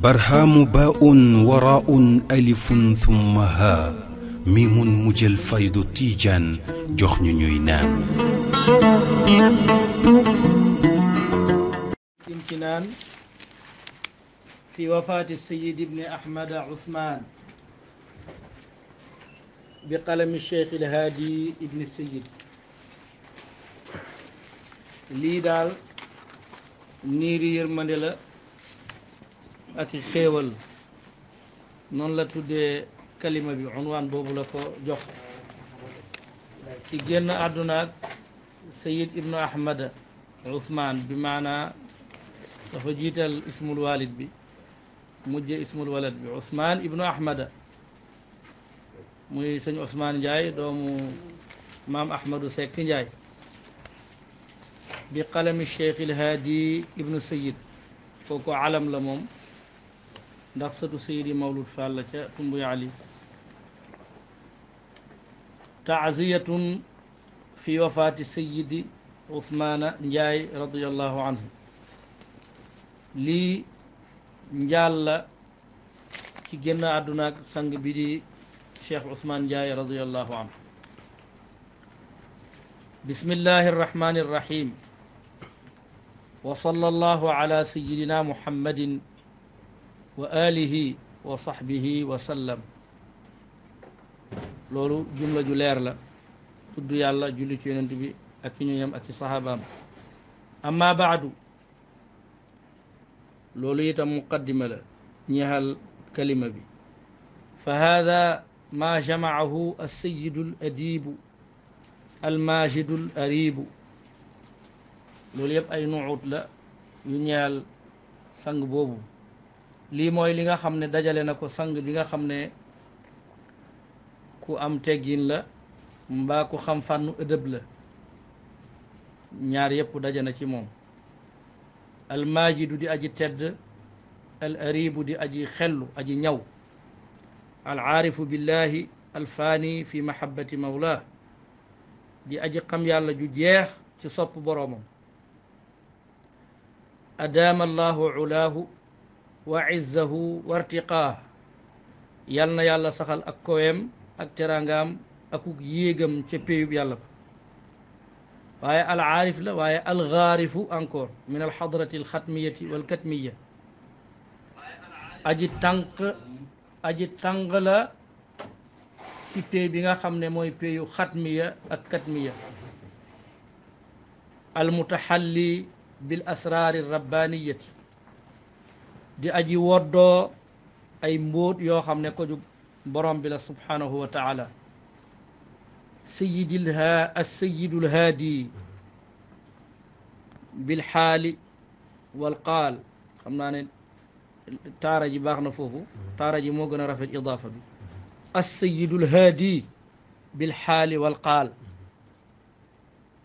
برهام باء وراء ألف ثم ها ميم مجل فيض تيجان جخن نينان امتنان في وفاة السيد ابن أحمد عثمان بقلم الشيخ الهادي ابن السيد lii daal niiri yërmande la ak i xéewal noonu la tuddee kalima bi unwaan boobu la ko jox ci génn àdduna ak sayid ibnu ahmada usmaan bi maanaa dafa jiital ismul walid bi mujje ismul walad bi usmaan ibnu muy sëñ usmaan njaay doomu maam ahmadu sekk njaay بقلم الشيخ الهادي ابن سيد كوكو علم لموم دخصة سيدي مولود فالك كنبو علي تعزية في وفاة السيد عثمان نجاي رضي الله عنه لي نجال كي جنة أدناك سنگ بدي شيخ عثمان نجاي رضي الله عنه بسم الله الرحمن الرحيم وصلى الله على سيدنا محمد وآله وصحبه وسلم لولو جملة جلير تدو يا الله جل تين تبي أكين يوم أتي صحابا أما بعد لولو يتا مقدمة نهال كلمة بي فهذا ما جمعه السيد الأديب الماجد الأريب loolu yëpp ay nuut la yu ñaal sang boobu lii mooy li nga xam ne dajale na ko sang li nga xam ne ku am teggin la mbaa ku xam fànnu ëdëb la ñaar yëpp dajana ci moom almaajidu di aji tedd al aribu di aji xellu aji ñaw al aarifu billahi al alfaani fi mahabbati mawlah di aji xam yàlla ju jeex ci sopp boroomam أدام الله علاه وعزه وارتقاه يالنا يالا سخال أكويم أكترانغام أكوك ييغم تبيب يالا وهي العارف لا وهي الغارف أنكور من الحضرة الختمية والكتمية أجي تانك أجي تانك لا كي تي بيغا خامني موي بيو ختمية أك كتمية المتحلي بالأسرار الربانية di aji woddoo ay mbóot yoo xam ne ko ju borom bi la subhanahu wa taala sayidil ha assayidul haadi bil xaali wal qaal xam naa ne taara ji baax na foofu taara ji moo gën a rafet idaafa bi assayidul haadi bil xaali wal qaal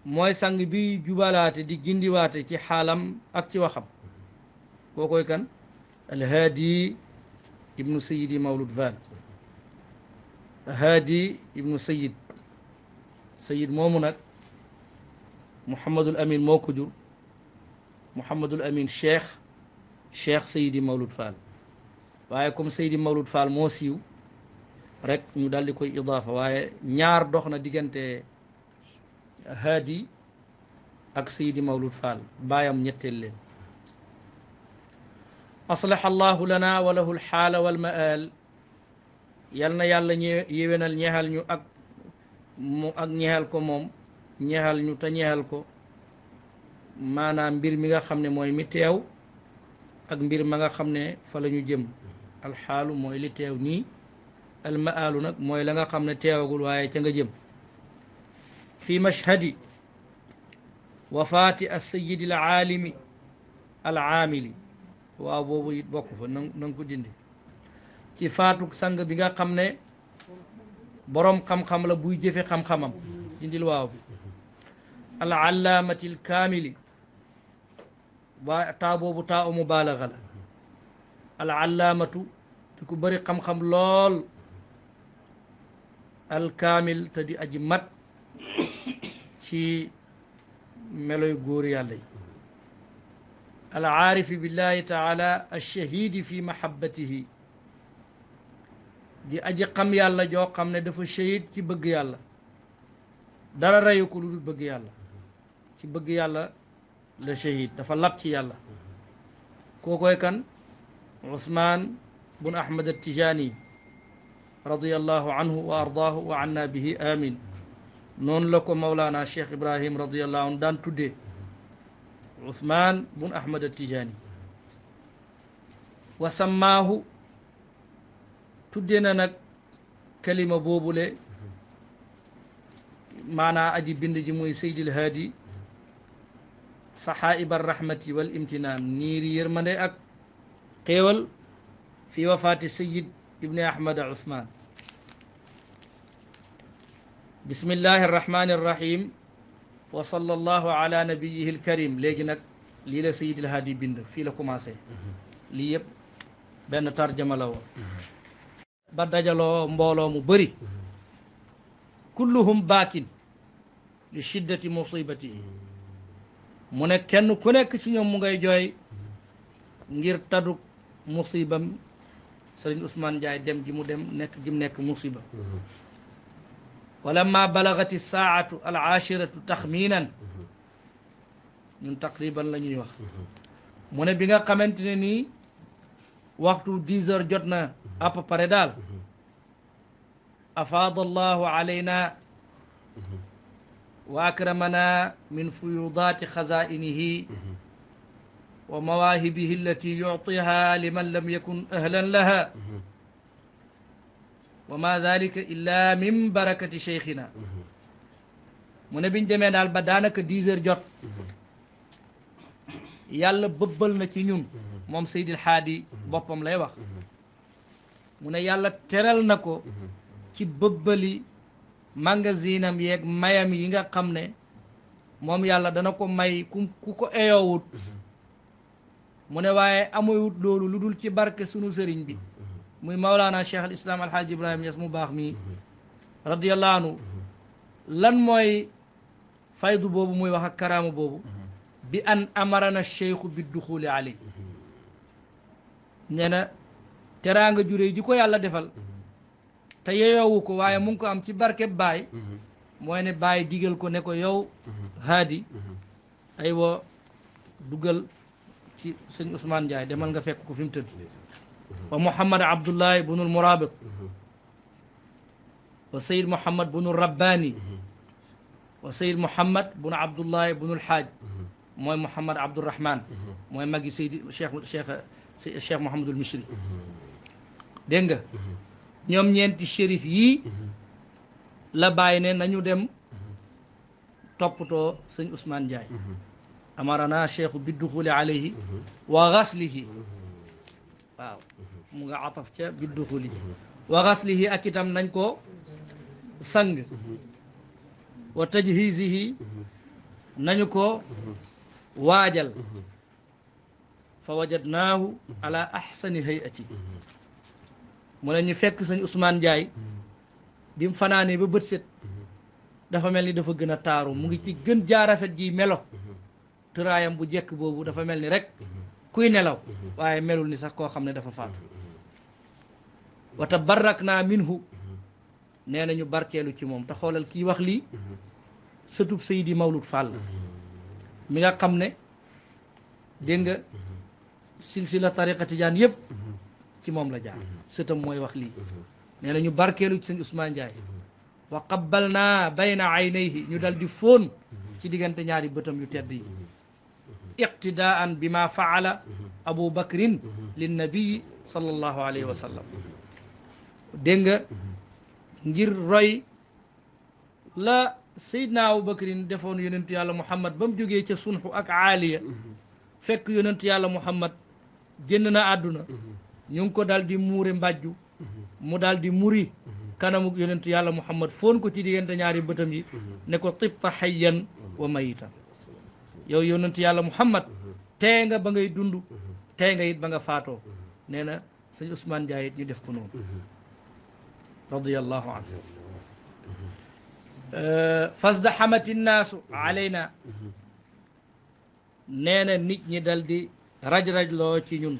mooy sang bi jubalaate di gindiwaate ci xaalam ak ci waxam koo koy kan alhaadi ibnu sayid yi mawlud vaal haadi ibnu sayid sayid moomu nag mouhamadul amin moo ko jur mouhamadul amin cheikh cheikh sayidi mawlud fall waaye comme sayidi mawlud fall moo siiw rek ñu daal di koy idaafa waaye ñaar dox na diggante haadi ak Seydi Mawlud Fall baayam ñetteel leen aslaha allahu lana wa lahu lxaala walmaal yal na yàlla ñe yéwénal ñeexal ñu ak ak ñeexal ko moom ñeexal ñu te ñeexal ko maanaam mbir mi nga xam ne mooy mi teew ak mbir ma nga xam ne fa la ñu jëm alxaalu mooy li teew nii almaalu nag mooy la nga xam ne teewagul waaye te nga jëm في مشهد وفاة السيد العالم العامل وابو بوكو نانكو جيندي تي فاتو سانغ بيغا خامني بروم خام خام لا بوي جيفي خام خامم جيندي الواو العلامه الكامل با تا بوبو تا مبالغه العلامه تكو بري خام خام لول الكامل تدي اجي مات ci meloy góor yàlla yi al aarifi billahi taala alchahidi fi mahabbatihi di aji xam yàlla joo xam dafa shahid ci bëgg yàlla dara reyu ko lu dul bëgg yàlla ci bëgg yàlla la shahid dafa lab ci yàlla kookoy kan usmaan bun ahmad al tijaani radiallahu anhu wa ardaahu wa anna bihi amin نون لكم مولانا الشيخ إبراهيم رضي الله عنه دان تودي عثمان بن أحمد التجاني وسماه تودينا نك كلمة بوبولة معنى أدي بند جموي سيد الهادي صحائب الرحمة والامتنان نير يرمني أك قيول في وفاة السيد ابن أحمد عثمان bismillahi irrahmani irrahim wa sallallahu ala nabiyihi alkarim léegi nag lii la sayid alhaadi bind fii la commencé mhm. lii yëpp benn tarjama la woon mhm. ba dajaloo mbooloo mu bëri mhm. kulluhum baakin li shiddati musibatihi mu ne kenn ku nekk ci ñoom mu ngay jooy ngir taduk musibam sëriñ Ousmane Ndiaye dem gi mu dem nekk gi mu nekk musiba ولما بلغت الساعة العاشرة تخمينا من تقريبا لني وقت من بيغا قمنتني وقت ديزر جتنا أبا باردال أفاض الله علينا وأكرمنا من فيوضات خزائنه ومواهبه التي يعطيها لمن لم يكن أهلا لها wa ma dalika illa min barakati cheikhina mu ne biñ demee daal ba daanaka dix heures jot yàlla bëbbal na ci ñun moom seydi Haadi boppam lay wax mu ne yàlla teral na ko ci bëbbali magasinam yeeg mayam yi nga xam ne moom yàlla dana ko may ku ku ko eyoowut mu ne waaye amuyut loolu lu dul ci barke sunu sëriñ bi muy Maulana Cheikh al Islam Alhaaji Ibrahima Ñas mu baax mi radiyallahu anhu lan mooy faydu boobu muy wax ak karaama boobu bi an amarana cheikhu bi duxuli ali nee na teraanga juré ji ko yàlla defal te yeyowu ko waaye mu ngi ko am ci barke baay mooy ne baay digal ko ne ko yow haadi ay wo duggal ci sëñ Ousmane Ndiaye demal nga fekk ko fi mu tëdd ومحمد عبد الله بن المرابط وسيد محمد بن الرباني وسيد محمد بن عبد الله بن الحاج موي محمد عبد الرحمن موي ماجي سيدي الشيخ الشيخ الشيخ محمد المشري دينغا نيوم نينت الشريف يي لا باينه نانيو ديم توبتو سيغ عثمان جاي امرنا الشيخ بالدخول عليه وغسله واو mu nga ataf ca bi duxuli wa xaslihi ak itam nañ ko sang wa tajhizihi nañu ko waajal fa wajadnaahu ala ahsani hayati mu ne ñu fekk sëñ Ousmane Ndiaye bi fanaanee ba bët set dafa mel ni dafa gën a taaru mu ngi ci gën jaarafet ji melo tëraayam bu jekk boobu dafa mel ni rek kuy nelaw waaye melul ni sax koo xam ne dafa faatu wa tabarrakna minhu neena na ñu barkelu ci mom ta xolal ki wax li setup sayyidi Mawlud Fall mi nga xamne de nga silsila tariqati tijaan yeb ci mom la jaar setam moy wax li neena ñu barkelu ci seigne Ousmane jaay wa qabbalna bayna aynayhi ñu dal di fon ci digante ñaari beutam yu tedd iqtidaan bima faala abu bakrin linnabiyi sallallahu alayhi wa sallam dégg nga ngir roy la Seydina Abubakrin defoon yonentu yàlla Muhammad ba mu jógee ca sunxu ak aaliya fekk yonentu yàlla Muhammad génn na àdduna ñu ngi ko daal di muure mbàjju mu dal di muri kanamu yonentu yàlla Muhammad foon ko ci diggante ñaari bëtam yi ne ko tibta hayyan wa mayitan yow yonentu yàlla Muhammad tee nga ba ngay dund tee nga it ba nga faatoo nee na sëñ Ousmane Ndiaye ñu def ko noonu radiyallahu anhu fasdaxamati naasu alayna nee na nit ñi dal di raj-rajloo ci ñun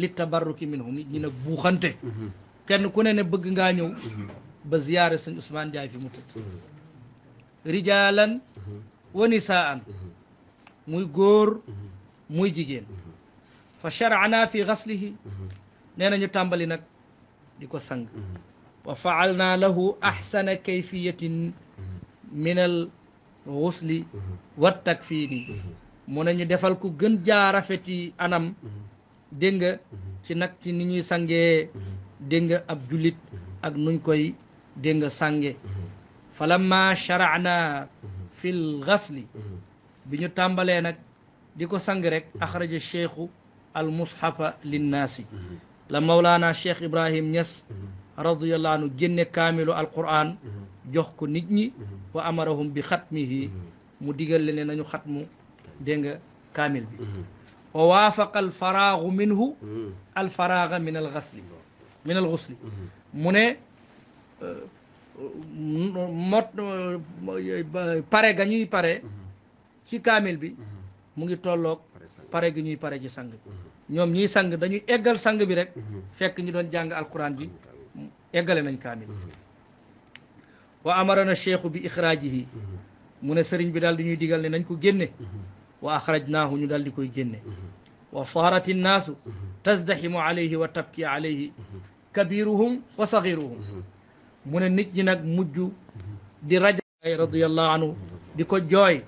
li tabarruki minhu nit ñi nag buuxante kenn ku ne ne bëgg ngaa ñëw ba ziyaare sëñ Ousmane Ndiaye fi mu tëdd rijaalan wa nisaan muy góor muy jigéen fa sharana fi gaslihi nee na ñu tàmbali nag di ko sang mm-hmm. wa faalna lahu ahsana kayfiyatin mm-hmm. min al xusli mm-hmm. wa takfiini mu ne ñu defal ku gën jaa rafeti anam dégg ci nag ci ni ñuy sangee dégg ab jullit ak nuñ koy dégg sange sànge falamma sharaana fil xasli bi ñu tàmbalee nag di ko sang rek axraja cheikhu al mushafa linnaasi la Mawlaana Cheikh Ibrahim Niass radiyallahu anhu génne kaamilu alquran jox ko nit ñi wa amarahum bi xatmihi mu digal leen nañu xatmu dégg nga kaamil bi wa waafaqa alfaraagu minhu alfaraaga min alxasli min alxusli mu ne mot pare ga ñuy pare ci kaamil bi mu ngi tolloog pare ga ñuy pare ci sang bi ñom ñi sang dañu égal sang bi rek fekk ñu doon jàng alquran bi égalé nañ kamil wa amarana sheikh bi ikhrajih mu ne serigne bi dal di ñuy digal ne nañ ko génne wa akhrajnahu ñu dal di koy génne wa saarat nas tazdahimu alayhi wa tabki alayhi kabiruhum wa saghiruhum mu ne nit ñi nak mujju di rajaay radiyallahu anhu di ko joy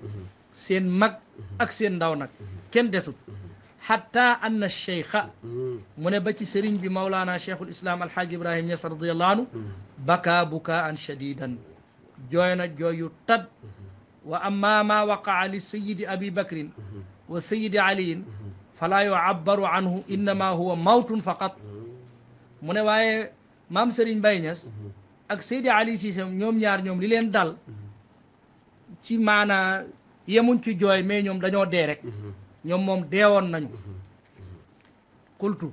seen mag ak seen ndaw nak ken desut حتى أن الشيخ من بتي سرين بمولانا شيخ الإسلام الحاج إبراهيم يسر رضي الله عنه بكى بكاء شديدا جوينا جوي تب وأما ما وقع للسيد أبي بكر والسيد علي فلا يعبر عنه إنما هو موت فقط من واي مام سرين بينس أك سيد علي سيسم نيوم يار نيوم للين دال تي معنا يمون تي جوي مي نيوم دانيو ديرك ñoom moom deewoon nañu qultu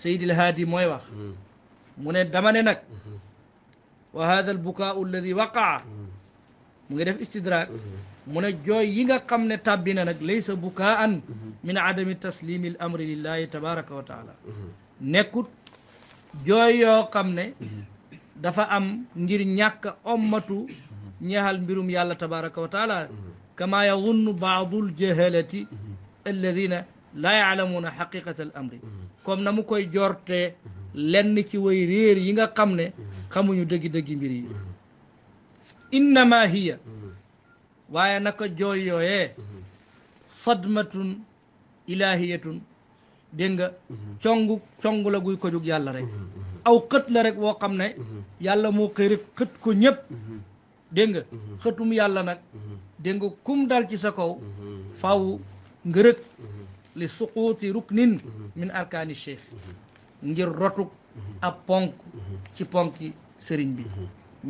Seydil Haadi mooy wax mu ne damane ne nag wa hada al bukaau waqaa mu ngi def istidraak mu ne jooy yi nga xam ne tàbbi na nag laysa bukaan min adami taslimi al amri lillahi tabaraka wa taala nekkut jooy yoo xam ne dafa am ngir ñàkk ommatu ñeexal mbirum yàlla tabaraka wa kama yazunnu baadul jahalati alladina laa yaalamuuna xaqiqata al amri comme na mu koy jortee lenn ki way réer yi nga xam ne xamuñu dëggi-dëggi mbir yi innama hiya waaye naka jooy yooyee sadmatun ilahiyatun dégg nga congu congu la guy ko jug yàlla rek aw xët rek woo xam ne yàlla moo xëy ko ñëpp dégg nga yàlla nag dégg nga kum dal ci sa kaw mhm. faw nga rëg mhm. li suquuti ruknin mhm. min arkaani cheikh ngir rotuk ab ponk ci ponki sëriñ bi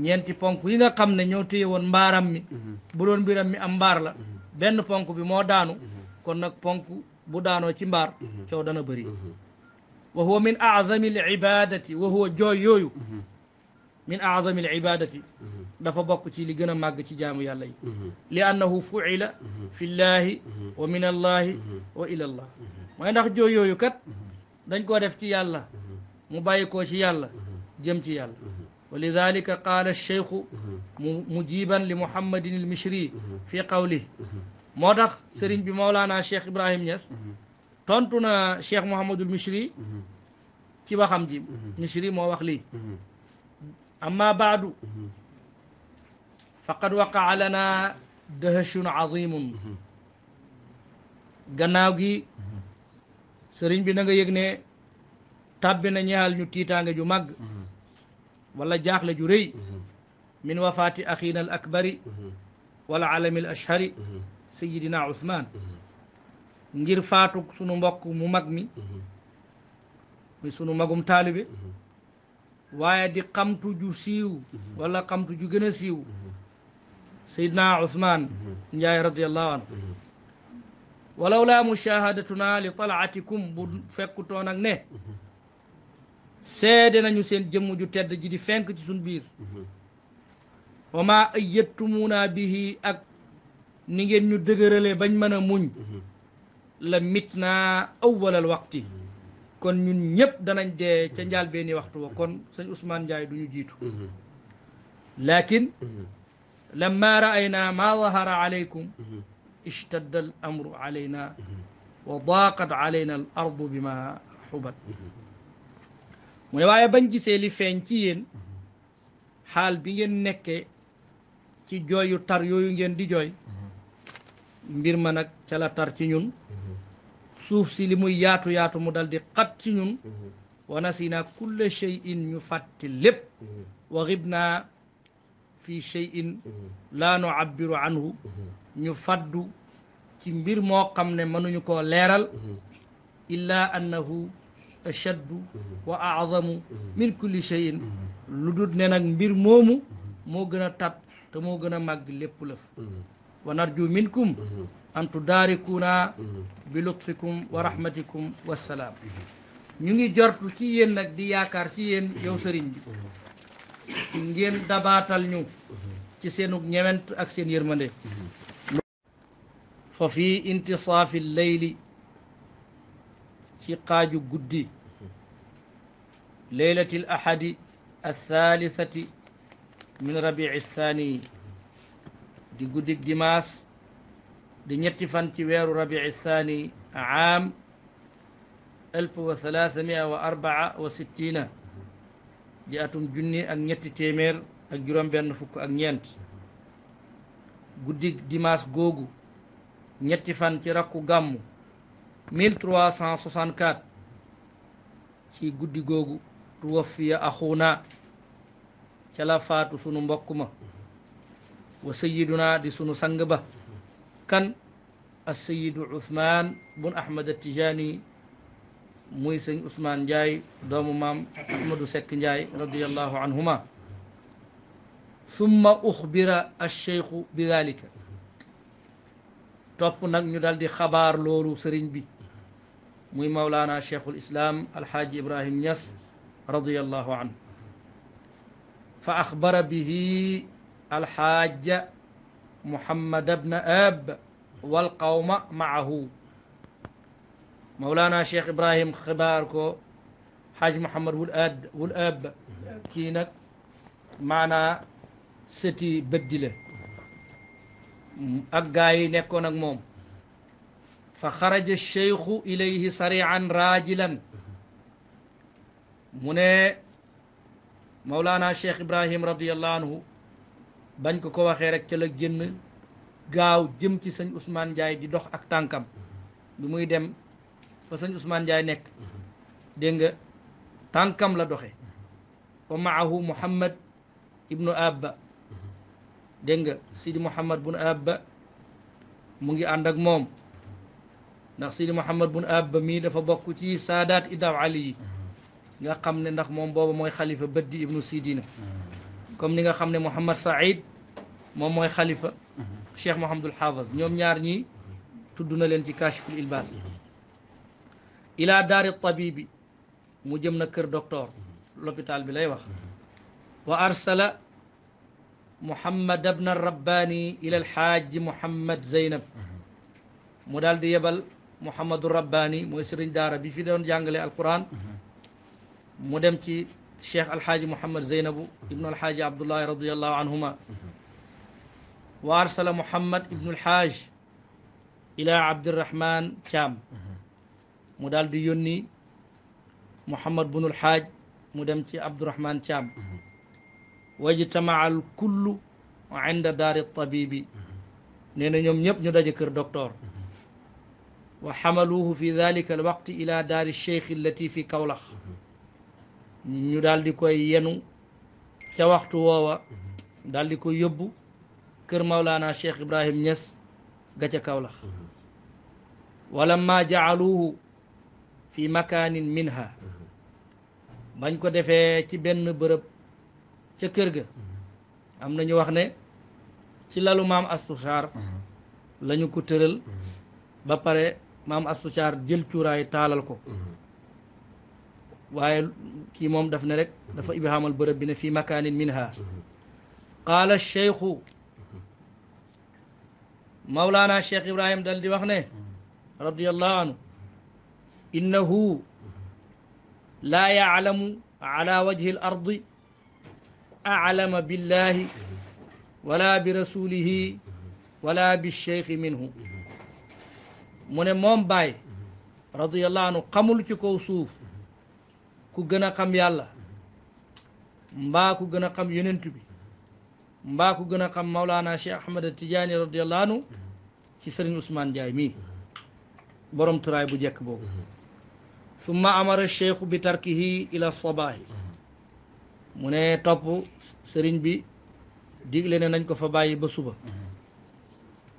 ñeenti ponk yi nga xam ne ñoo téye woon mbaaram mi bu doon mbiram mi am mbaar la benn ponk bi moo daanu kon nag ponk bu daanoo ci mbaar coow dana bëri wa huwa min aazami al ibadati wa huwa jooy yooyu من أعظم العبادة دفا بوك تي لي غنا ماغ تي جامو يالا لانه فعل في الله ومن الله والى الله ما ناخ جو يويو كات دنجكو ديف تي يالا مو بايكو سي يالا جيم تي يالا ولذلك قال الشيخ مجيبا لمحمد المشري في قوله موتاخ سيرين بي مولانا شيخ ابراهيم نياس تونتونا شيخ محمد المشري كي واخام جي مشري مو واخ لي amma baadu mhm. faqad waqaa lana dahshun azimun mhm. gannaaw gi mhm. sëriñ bi na nga yëg ne tàbbi na ñu tiitaange ju màgg wala jaaxle ju rëy min wafaati axiina al akbari wal alami al ashhari ngir faatu sunu mbokk mu mag mi muy sunu magum taalibe waaye di xamtu ju siiw walla xamtu ju gën a siiw sayidna usman njaay radiallahu anhu walaw laa mushaahadatuna li talaatikum bu fekkutoon ne seede nañu seen jëmm ju tedd ji di fenk ci suñ biir wa ma ayyattumuna bihi ak ni ngeen ñu dëgërale bañ mën a muñ la mit naa awwalal waqti kon ñun ñëpp danañ dee ca njaal benni waxtu wa kon sëñ Ousmane Ndiaye du ñu jiitu lakin lamma raayna ma dahara alaykum ishtadda al amru alayna wa daqat alayna al ardu bima xubat mu ne waaye bañ gisee li feeñ ci yéen xaal bi ngeen nekkee ci jooyu tar yooyu ngeen di jooy mbir ma nag ca la tar ci ñun suuf si li muy yaatu yaatu mu dal di xat ci ñun mhm. wa nasina kulla cheyin ñu fàtte lépp mhm. wa xib naa fi cheyin mhm. laa nu abbiru anhu ñu faddu ci mbir moo xam ne mënuñu ko leeral illa annahu ashaddu wa azamu min kulli cheyin lu ne nag mbir moomu moo gën a tat te moo gën a màgg lépp lëf ونرجو منكم أن تداركونا بلطفكم ورحمتكم والسلام نيجي جرتو تيين نك دي ياكار تيين يو سيرين ngeen dabaatal ñu ci seenug ñewent ak seen yërmande fa fi intisaafi leyli الثالثة من ربيع الثاني di guddik dimaas di ñetti fan ci weeru rabici saani aam alf wa atum junni ak ñetti téeméer ak juróom benn fukk ak ñeent guddik dimaas googu ñetti fan ci rakku gàmmu 1364 ci guddi googu tuwafiya axuuna ca la faatu sunu mbokk ma وسيدنا دي سنو سنغبا كان السيد عثمان بن احمد التجاني موي عثمان جاي دوم مام احمد سك جاي رضي الله عنهما ثم اخبر الشيخ بذلك توب نك ني دالدي خبار لورو سيرن بي موي مولانا شيخ الاسلام الحاج ابراهيم نياس رضي الله عنه فاخبر به الحاج محمد بن أب والقوم معه مولانا شيخ إبراهيم خباركو حاج محمد والأد والأب كينك معنا ستي بدله ak gaa yi nekkoon ak moom fa xaraja cheikhu ilayhi sarian raajilan mu ne maulana cheikh ibrahim radiallahu anhu bañ ko ko waxee rek ca la génn gaaw jëm ci sëñ Ousmane Ndiaye di dox ak tànkam lu muy dem fa sëñ usmaan jaay nekk dégg nga tànkam la doxe wa maahu Muhammad ibnu Abba dégg nga Sidi Muhammad bun Abba mu ngi ànd ak moom ndax Sidi Muhammad bun Abba mii dafa bokk ci saadaat Idaaw Ali yi nga xam ne ndax moom booba mooy xalifa bëddi ibnu Sidina comme ni nga xamné mohammed Saïd mom moy khalifa Cheikh mohammed al hafiz ñom ñaar ñi tuddu na len ci kashf al ilbas ila dar al tabib mu jëm na kër docteur l'hôpital bi lay wax wa arsala Mouhamad abna rabbaani ila alxaaji Mouhamad Zeynab mu daal di yebal Mouhamadu rabbaani mooy sëriñ daara bi fi doon jàngale alquran mu dem ci الشيخ الحاج محمد زينب ابن الحاج عبد الله رضي الله عنهما وارسل محمد ابن الحاج الى عبد الرحمن شام مودال دي يوني محمد بن الحاج مودم عبد الرحمن شام واجتمع الكل عند دار الطبيب نينا نيوم نيب ني داجي كير دكتور وحملوه في ذلك الوقت الى دار الشيخ التي في كولخ ñu daldi koy yenu ca waxtu woowa mhm. daldi di koy yóbbu kër Maulana Cheikh Ibrahim Niass ga ca Kawlax mhm. walamma jaaluuhu fi makaanin minha mhm. bañ ko defee ci benn bërëb ca kër ga am na ñu wax ne ci lalu maam Astou Sarr ko tëral ba pare maam Astou Sarr jël cuuraay taalal ko waaye kii moom daf ne rek dafa ibhaamal bërëb bi ne fii makaanin minha qaala cheikhu mawlaana cheikh ibrahim dal di wax ne radiallahu anhu innahu laa yaclamu ala wajhi alardi aclama billahi wala bi rasulihi wala bi cheikhi minhu mu ne moom baay radiallahu anhu xamul ci kaw suuf ku gën a xam yàlla mbaa ku gën a xam yonent bi mbaa ku gën a xam Maulana Cheikh Ahmad Tidiane radiyallahu anhu ci Serigne Ousmane Ndiaye mii borom turaay bu njëkk boobu summa amara cheikhu bi tarkihi ila sabaahi mu ne topp sëriñ bi digle ne nañ ko fa bàyyi ba suba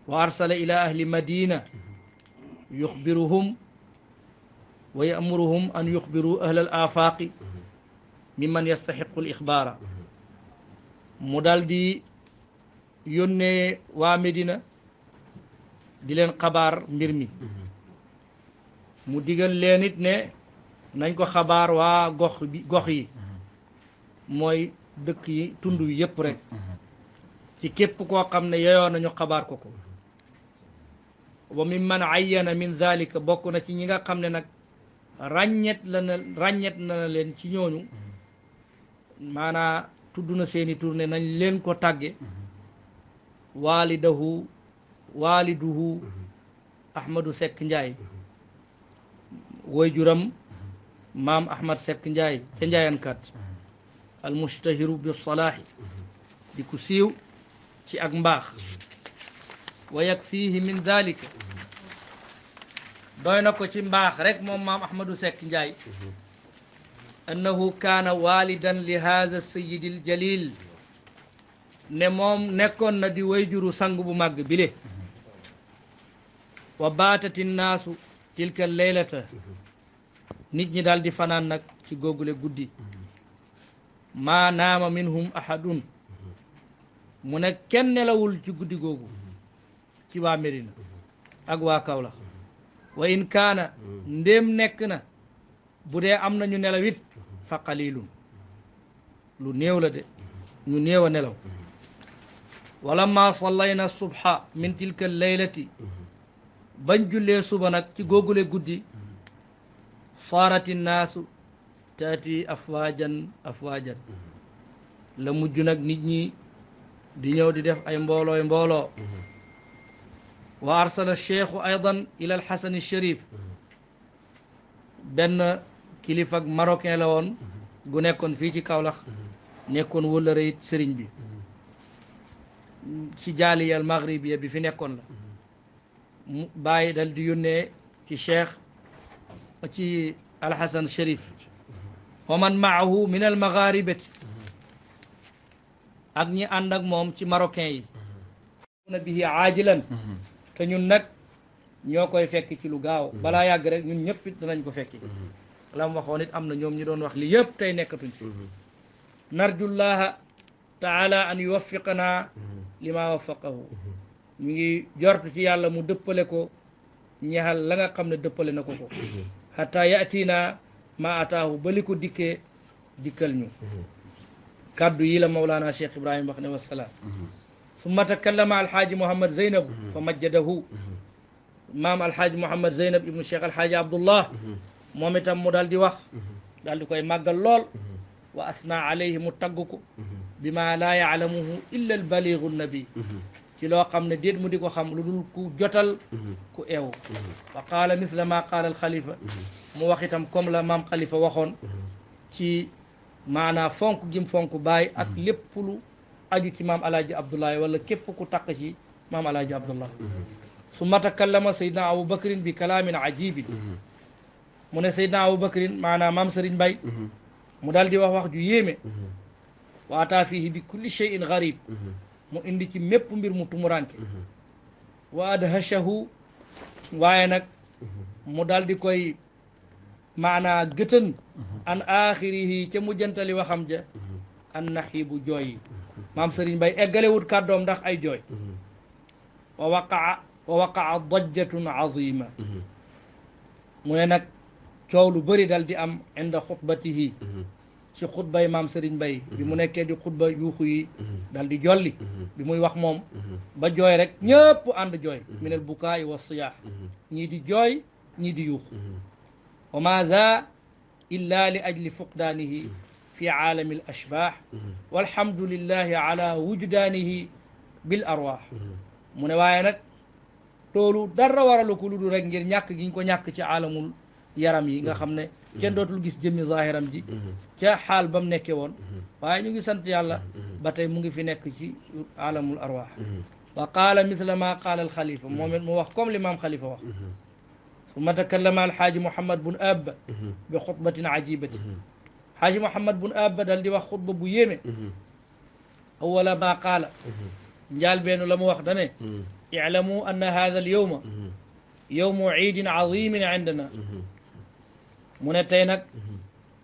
wa arsala ila ahli madina yuxbiruhum ويأمرهم أن يخبروا أهل الآفاق ممن يستحق الإخبار mu dal di yónnee waa Medina di leen xabaar mbir mi mu digal leen it ne nañ ko xabaar waa gox bi gox yi mooy dëkk yi tund wi yëpp rek ci képp koo xam ne yeyoo nañu xabaar ko ko wa mimman ayyana min zalika bokk na ci ñi nga xam ne nag ràññet la na leen ci ñooñu mm-hmm. maanaa tudd na seeni turne nañ leen ko tàgge mm-hmm. waalidahu waaliduhu mm-hmm. ahmadu sekk njaay woyjuram maam ahmad sekk njaay ca njaayankat almustahiru bi salaahi di ku ci ak mbaax wa yakfiihi min dalika doy na ko ci mbaax rek moom maam ahmadou seck njaay annahu kaana walidan li haza sayidi ne moom nekkoon na di wayjuru sang bu màgg bile wa baatati naasu tilka leylata nit ñi daldi fanaan nag ci góogule guddi maa naama minhum ahadun mu ne kenn nelawul ci guddi googu ci waa Mérina ak waa Kaolack wa in kana ndem nekk na budee am na ñu nelawit fa qalilum lu néew la de ñu néew a nelaw walamma sallayna subha min tilka leylati bañ jullee suba nag ci góogule guddi saarat innaasu taati afwajan afwajan la mujj nag nit ñi di ñëw di def ay mbooloy mbooloo وأرسل الشيخ أيضا إلى الحسن الشريف benn kilifa ak marocain la woon gu nekkoon fii ci Kaolack nekkoon wëllëre it sëriñ bi ci jaaliya al maghribiya bi fi nekkoon la mu bàyyi dal di yónnee ci cheikh ci alxasan sharif wa man maahu min al magharibati ak ñi ànd ak moom ci marocain yi na bihi aajilan te nag ñoo koy fekk ci lu gaaw mhm. balaa yàgg rek ñun ñëpp it danañ ko fekki mhm. la mu waxoon it am na ñoom ñu doon wax li yëpp tey nekkatuñ ci mhm. narjullaha taala an yuwaffiqanaa limaa waffaqahu ñu ngi jortu ci yàlla mu dëppale ko ñaxal la nga xam ne dëppale na ko ko xataa yaatina ma ataahu ba ko dikkee dikkal ñu kàddu yi la Mawlaana Cheikh Ibrahima wax ne wassalaam ثم تكلم الحاج محمد زينب فمجده مام الحاج محمد زينب ابن الشيخ الحاج عبد الله مومتا مودال دي واخ دال ديكاي ماغال لول واثنى عليه متغكو بما لا يعلمه الا البليغ النبي كي لو خامني ديت مو ديكو خام لودول كو جوتال كو ايو وقال مثل ما قال الخليفه مو وخيتام كوم لا مام خليفه واخون تي معنى فونك جيم فونك باي اك ليپلو aju ci maam alaaji abdoulaye wala képp ku taq ci maam alaaji abdoulaye mhm. summa takallama saydna abou bi kalaamin ajibin mhm. mu ne saydna abou maam sëriñ mbay mhm. mu daal wax wax ju yéeme wa fiihi bi kulli cheyin garib mu indi ci mépp mbir mu tumuranke wa adhashahu waaye nag mu daldi koy maanaa gëtën an axirihi ca mujjantali waxam ja an naxiibu jooy maam Serigne Bay eggalewut kàddoom ndax ay jooy wa waqaa wa waqaa dajjatun azima mu ne nag coow lu bëri dal di am inda xutbatihi ci xutbay maam Serigne Bay mu nekkee di xutba yuuxu yi di jolli bi muy wax moom ba jooy rek ñëpp ànd jooy min al wa siyaax ñii di jooy ñii di yuuxu wa za illa li ajli في عالم الأشباح والحمد لله على وجدانه بالأرواح من وينك تولو در ورا لكل دور غير نياك غينكو نياك تي عالم يرام ييغا خامني تي ندوتو غيس جي تي حال بام نيكي وون واي نيغي سانت يالا باتاي موغي في نيك تي عالم الارواح وقال مثل ما قال الخليفه مؤمن مو وخكم الامام خليفه وخ ثم تكلم الحاج محمد بن اب بخطبه عجيبه حاج محمد بن ابد بدل واخ خطب بو اول ما قال جال بينو لم واخ داني اعلموا ان هذا اليوم يوم عيد عظيم عندنا منتينك نك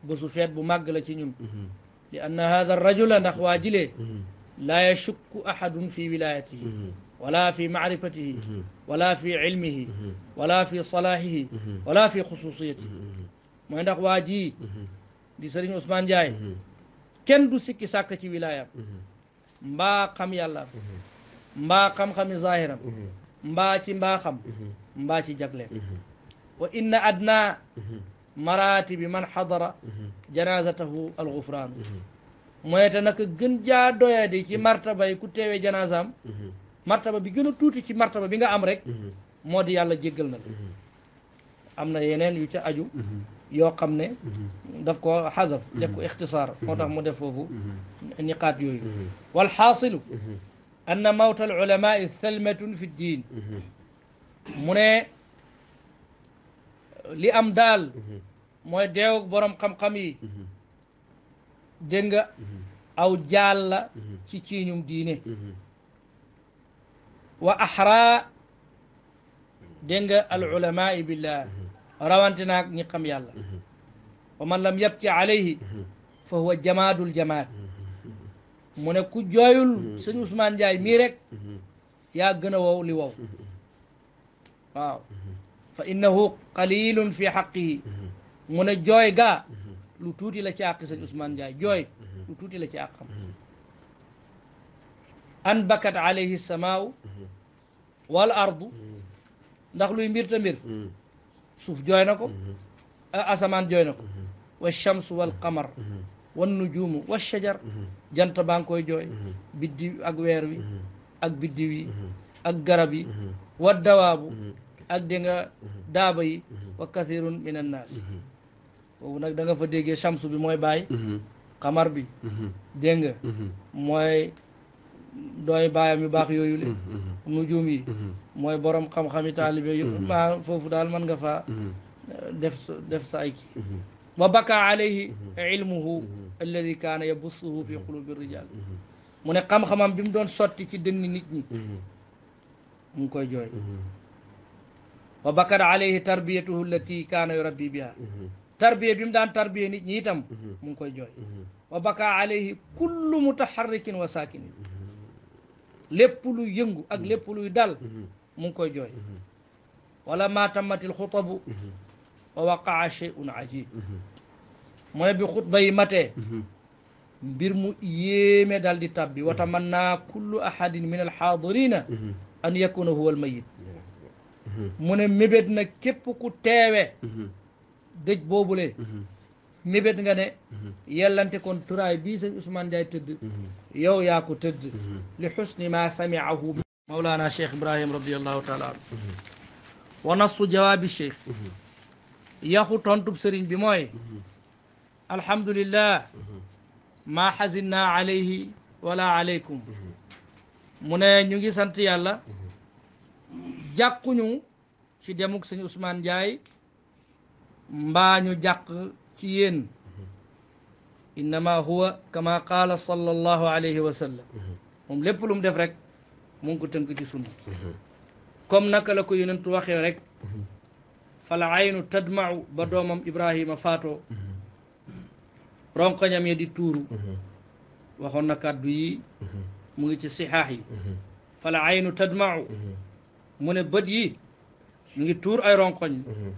بو سفيات بو لان هذا الرجل نخواجله لا يشك احد في ولايته ولا في معرفته ولا في علمه ولا في صلاحه ولا في خصوصيته ما واجي di Serigne Ousmane Ndiaye ken du sikki sak ci wilaya mba xam yàlla mba xam xam zahira mba ci mba xam mba ci jagle wa inna adna maratibi man xadara janazatahu alxufraan moy ta nak gën ja doya di ci martaba yi ku tewe janazam martaba bi gëna tuti ci martaba bi nga am rek modi yàlla jéggal na amna yenen yu ci aju yoo xam ne daf ko xasaf def ko ixtisaar moo tax mu def foofu niqaat yooyu wal xaasilu anna mawta al ulamai salmatun fi diin mu ne li am daal mooy deewug borom xam-xam yi dégg nga aw jaal la ci ciiñum diine wa axraa dégg nga al ulamai billah rawante naag ñi xam yàlla mm-hmm. wa man lam yabki alayhi mm-hmm. fa huwa jamaadul jamaad mm-hmm. mu ne ku jooyul sëñ Ousmane Ndiaye mii rek yaa gën a wow li wow waaw fa innahu qalilun fi xaqihi mu ne jooy gaa lu tuuti la ci àq sëñ Ousmane Ndiaye jooy lu tuuti la ci àqam an bakat alayhi samaau wal ardu ndax luy mbir ta mbir suuf jooy na ko mm-hmm. asamaan jooy na ko mm-hmm. wa shamsu wal qamar mm-hmm. wan nujuumu wa shajar jant baa ngi koy jooy biddiw ak weer wi ak biddiw yi ak garab yi wa dawaabu ak di daaba yi wa kathirun min annaas boobu nag da nga fa déggee shamsu bi mooy baay qamar bi dégg mooy dooy baayam yu baax yooyu le nujuum mm-hmm. mm-hmm. yi mm-hmm. mooy borom xam-xami taalibe foofu daal mën nga faa def def sa ay kii wa baka alayhi kaana yabussuhu fi qulubi mu ne xam bi mu doon sotti ci dënni nit mu ngi koy jooy wa bakat alayhi tarbiyatuhu allati kaana yurabbi biha tarbiya bi mu daan tarbiya nit ñi mu ngi koy jooy wa baka alayhi kullu mutaharrikin wa saakinin lépp luy yëngu ak mm-hmm. lépp luy dal mm-hmm. mu koy jooy mm-hmm. wala ma tamatil xutabu wa waqaa cheyun ajib mu ne bi xutba yi matee mbir mu yéeme tabbi wa tamanna kullu ahadin min alxaadirina an yakuna huwa almayit mu ne mébét ku teewe dëj boobule mébét nga ne mhm. yellante kon turaay bii sëñ Ousmane Ndiaye tëdd mhm. yow yaa tëdd mhm. li xusni ma samiahu mawlaana cheikh ibrahim radiallahu taala anu wa nassu jawaabi cheikh yaxu tontub sëriñ bi mooy alhamdulillah maa xazinna alayhi wala alaykum mu ne ñu ngi sant yàlla jàquñu ci demuk sëñ Ousmane Ndiaye mbaa ñu jàq ci yéen innama huwa kama qaala sallallahu alayhi wa sallam moom lépp lu mu def rek mu ngi ko tënk ci sunna comme naka la ko yonent waxee rek fala aynu tadmau ba doomam ibrahima faatoo ronkoñam ya di tuuru waxoon na kàddu yi mu ngi ci sixaax yi fal aynu tadmau mu bët yi mu ngi tuur ay ronkoñ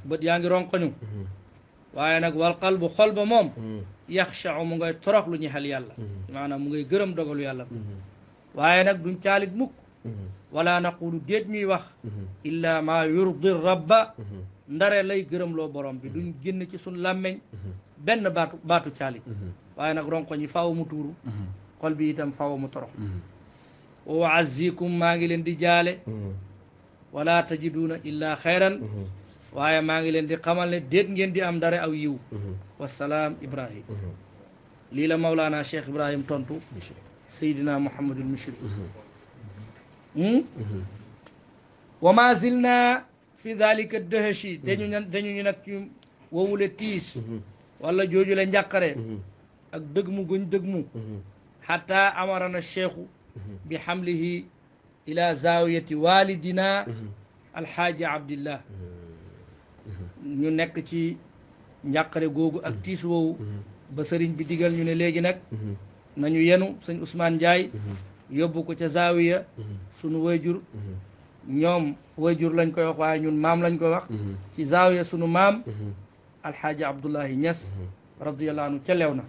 bët yaa ngi ronkoñu waaye nag wal qalbu xol ba moom hmm. yaxshau mu ngay torox lu ñexel yàlla hmm. maanaam mu ngay gërëm dogalu yàlla hmm. waaye nag duñ caalit mukk wala naqulu déet ñuy wax illa ma yurdi rabba ndare lay gërëmloo borom bi duñ génn ci suñ làmmeñ benn baatu baatu caalit waaye nag ronkoñ yi faaw mu tuuru xol bi itam faaw mu torox wa azikum maa ngi leen di jaale wala tajiduuna illa xayran waaye maa ngi leen di xamal ne déet ngeen di am dara aw yiw wasalaam ibrahim lii la mawlaana cheikh ibrahim tontu saydina mouhamadul mushri wa ma zilna fi dalika dëhëshi dañu dañuñu nag ñu wowule tiis wala joojule njàqare ak dëgmu guñ dëgmu xata amarana cheikhu bi xamlihi ila zawiyati walidina alxaaji abdillah ñu nekk ci njàqare googu ak mm-hmm. tiis woowu mm-hmm. ba sëriñ bi digal ñu ne léegi nag mm-hmm. nañu yenu sëñ Ousmane Ndiaye yóbbu ko ca zaawiya sunu wayjur ñoom wayjur lañ koy wax waaye ñun maam lañ koy wax ci zaawiya sunu maam alxaaji Abdullahi Ñas radiyallahu anhu ca lew na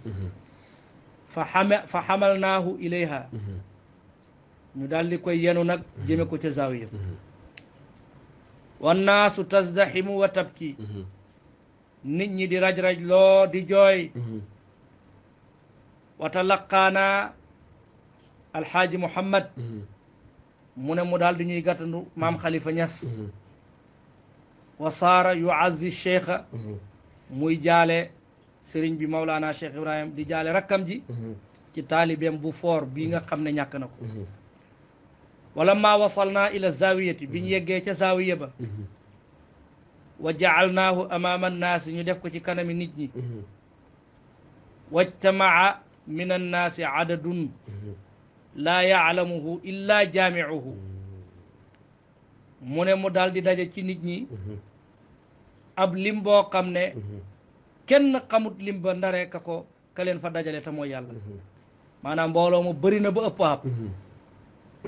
fa xame fa xamal naahu ñu daal di koy yenu nag jëme ko ca zaawiya wannaasu tasdaximu wa tabki nit ñi di raj-raj loo di jooy wa talaqaana alxaaji muhammad mu ne mu daal ñuy gàttandu maam xalifa ñas wa saara yuazi cheikha muy jaale sëriñ bi mawlaana cheikh ibrahim di jaale rakkam ji ci taalibeem bu foor bii nga xam ne ñàkk na ko wala maa wasalnaa ila zawiyati bi ñu mhm. yeggee ca zawiya ba mhm. wa jacalnaahu amaama annaasi ñu def ko ci kanami nit ñi mhm. wajtamaa min annaasi adadun laa yaclamuhu illa jaamicuhu mu ne mu daal daje ci nit ñi ab lim boo xam ne kenn xamut lim ba ndaree ka ko ka fa dajale te mooy yàlla maanaam mbooloo mu bëri na ba ëpp ab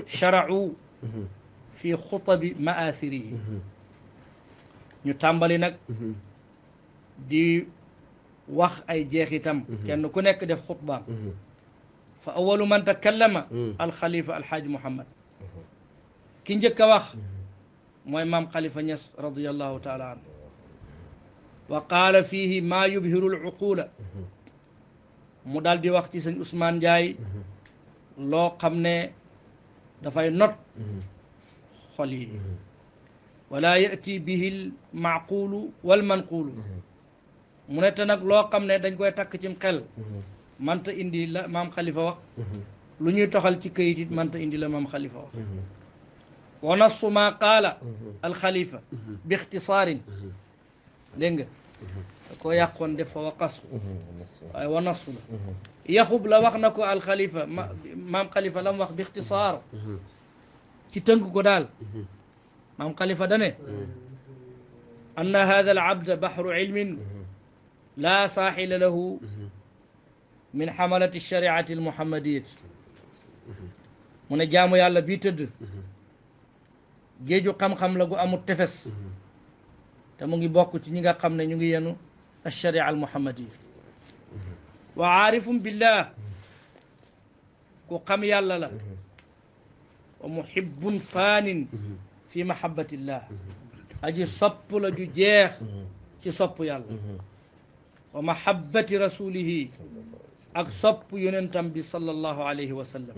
shara'u fi khutabi ma'athirihi ñu tàmbali nag di wax ay jeexitam kenn ku nekk def xutbaam fa awalu man takallama alxalifa alxaaji muhammad ki njëkk a wax mooy maam xalifa ñes radiallahu taala anhu wa qaala fihi maa yubhiru alcuqula mu daal di wax ci sëñ Ousmane Ndiaye loo xam ne دافاي نوت خولي ولا ياتي به المعقول والمنقول مونيت نك لو خامن دنج كوي تاك تيم خيل مانتا اندي لا مام خليفه واخ لو ني توخال تي كيت مانتا اندي لا مام خليفه واخ ونص ما قال الخليفه باختصار لينغ كو ياخون ديفا وقص ونص يخب لا واخ نكو الخليفه مام خليفه lam واخ باختصار كي تنكو tënk ko daal maam أن هذا العبد بحر علم لا ساحل له من حملة الشريعة المحمدية من جامو يالا بي تد جيجو خم خم لاغو امو تفس تا موغي بوكو تي نيغا خم ني نيغي ينو الشريعة المحمدية وعارف بالله كقام يالا لا ومحب فان في محبة الله أجي صب لجو جيخ تي صب يالا ومحبة رسوله أك صب ينتم بي صلى الله عليه وسلم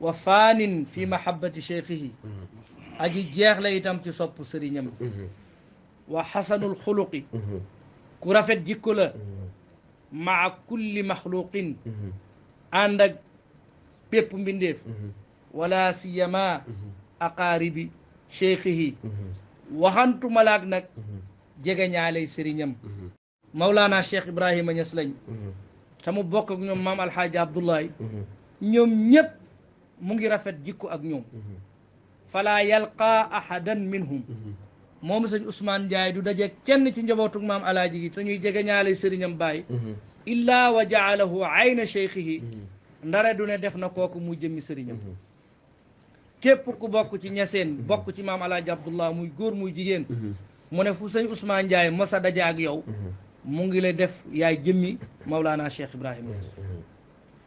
وفان في محبة شيخه أجي جيخ لا يتم تي صب سرينيم وحسن الخلق كرافت جيكولا مع كل مخلوق عندك bépp mbindeef mm-hmm. wala siyama mm-hmm. aqaaribi waxantu mm-hmm. waxantumalaak nag jege ñaaley sëriñam mawlaana cheikh ibrahima ñas lañ te bokk ak ñoom maam alxaaji abdullahi ñoom ñëpp mu ngi rafet jikko ak ñoom falaa yalqaa ahadan minhum moom sëñ Ousmane Ndiaye du daje kenn ci njabootug maam alaaji gi te ñuy jege ñaaley sëriñam baay illaa wa jaalahu ayna cheikhihi ndare du ne def na kooku mu jëmmi sëriñam mhm. képp ku bokk ci ñeseen mhm. bokk ci maam alaaji abdullah muy góor muy jigéen mhm. mu ne fu sëñ Ousmane Ndiaye mosa daje ak yow mu ngi lay def yaay jëmmi Maulana Cheikh Ibrahima Niass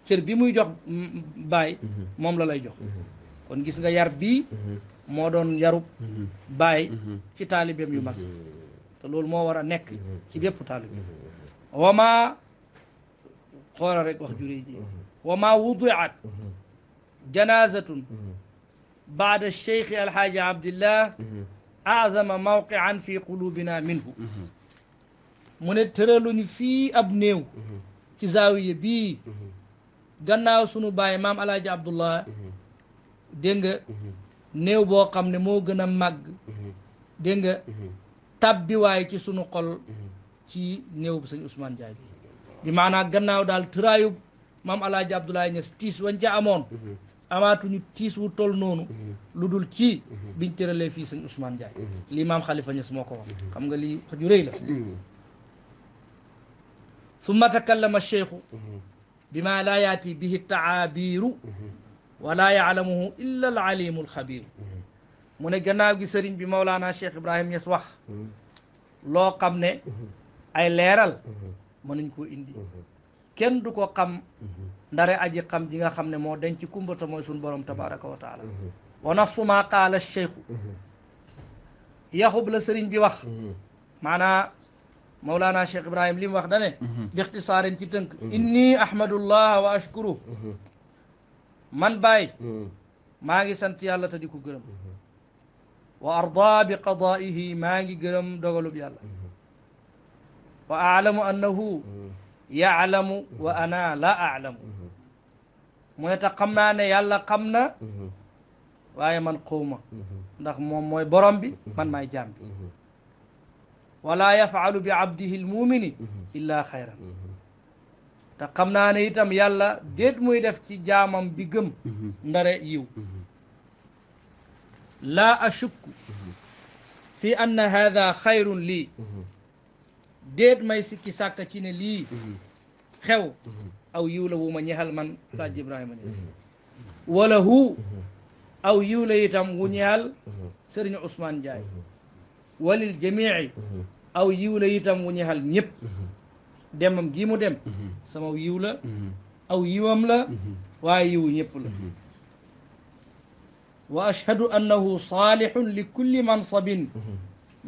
cër bi muy jox baay moom la lay jox kon gis nga yar bii moo doon yaru baay ci taalibeem yu mag te loolu moo war a nekk ci bépp taalibe wamaa xoola rek wax jure ji wa ma wudiat janazatun baada cheikh alhaaji abdillah azama mawqian fi qulubina minhu mu ne tëraluñu fii ab néew ci zaawiya bii gannaaw sunu baay maam alaaji abdullah dégg nga néew boo xam ne moo gën a màgg dégg nga tabbiwaay ci sunu xol ci néew bi sëñ Ousmane Ndiaye bi bi maanaam gannaaw daal tëraayub maam alaaji Abdoulaye Niass tiis wañ ca amoon amaatuñu tiis wu toll noonu lu dul ci biñ tëralee fii sëñ Ousmane Ndiaye lii maam Khalifa Niass moo ko wax xam nga lii wax ju rëy la summa takallama cheikhu bima laa yaati bihi taabiru wala yaalamuhu illa al alimu al xabiru mu ne gannaaw gi sëriñ bi Maulana Cheikh Ibrahim Niass wax loo xam ne ay leeral mënuñ koo indi kenn du ko xam ndare aji xam ji nga xam ne moo denc kumbata mooy sun borom tabaraka wa taala wa nafsu ma qaala cheikhu yaxub la sëriñ bi wax maanaa mawlaana cheikh ibrahim li mu wax dane bi ixtisaarin ci tënk inni ahmadullah wa ashkuru man baay maa ngi sant yàlla te di ko gërëm wa arda bi qadaihi maa ngi gërëm dogalub yàlla wa aalamu annahu يعلم وانا لا اعلم موي تخمنا ن يالا خمنا واي من قوما داخ موم موي بروم بي مان ماي جام ولا يفعل بعبده المؤمن الا خيرا تخمنا ن يتام يالا ديت موي ديف سي جامم بي گم نري يو لا اشك في ان هذا خير لي ديت ماي سيكي ساكا تي ني لي خيو او يولا وما نيهال مان تاج ابراهيم نيس ولا هو او يولا يتام ونيال سيرن عثمان جاي وللجميع او يولا يتام ونيهال نيب ديمم جي مو ديم سما يولا او يوام لا واي يو نيب لا واشهد انه صالح لكل منصب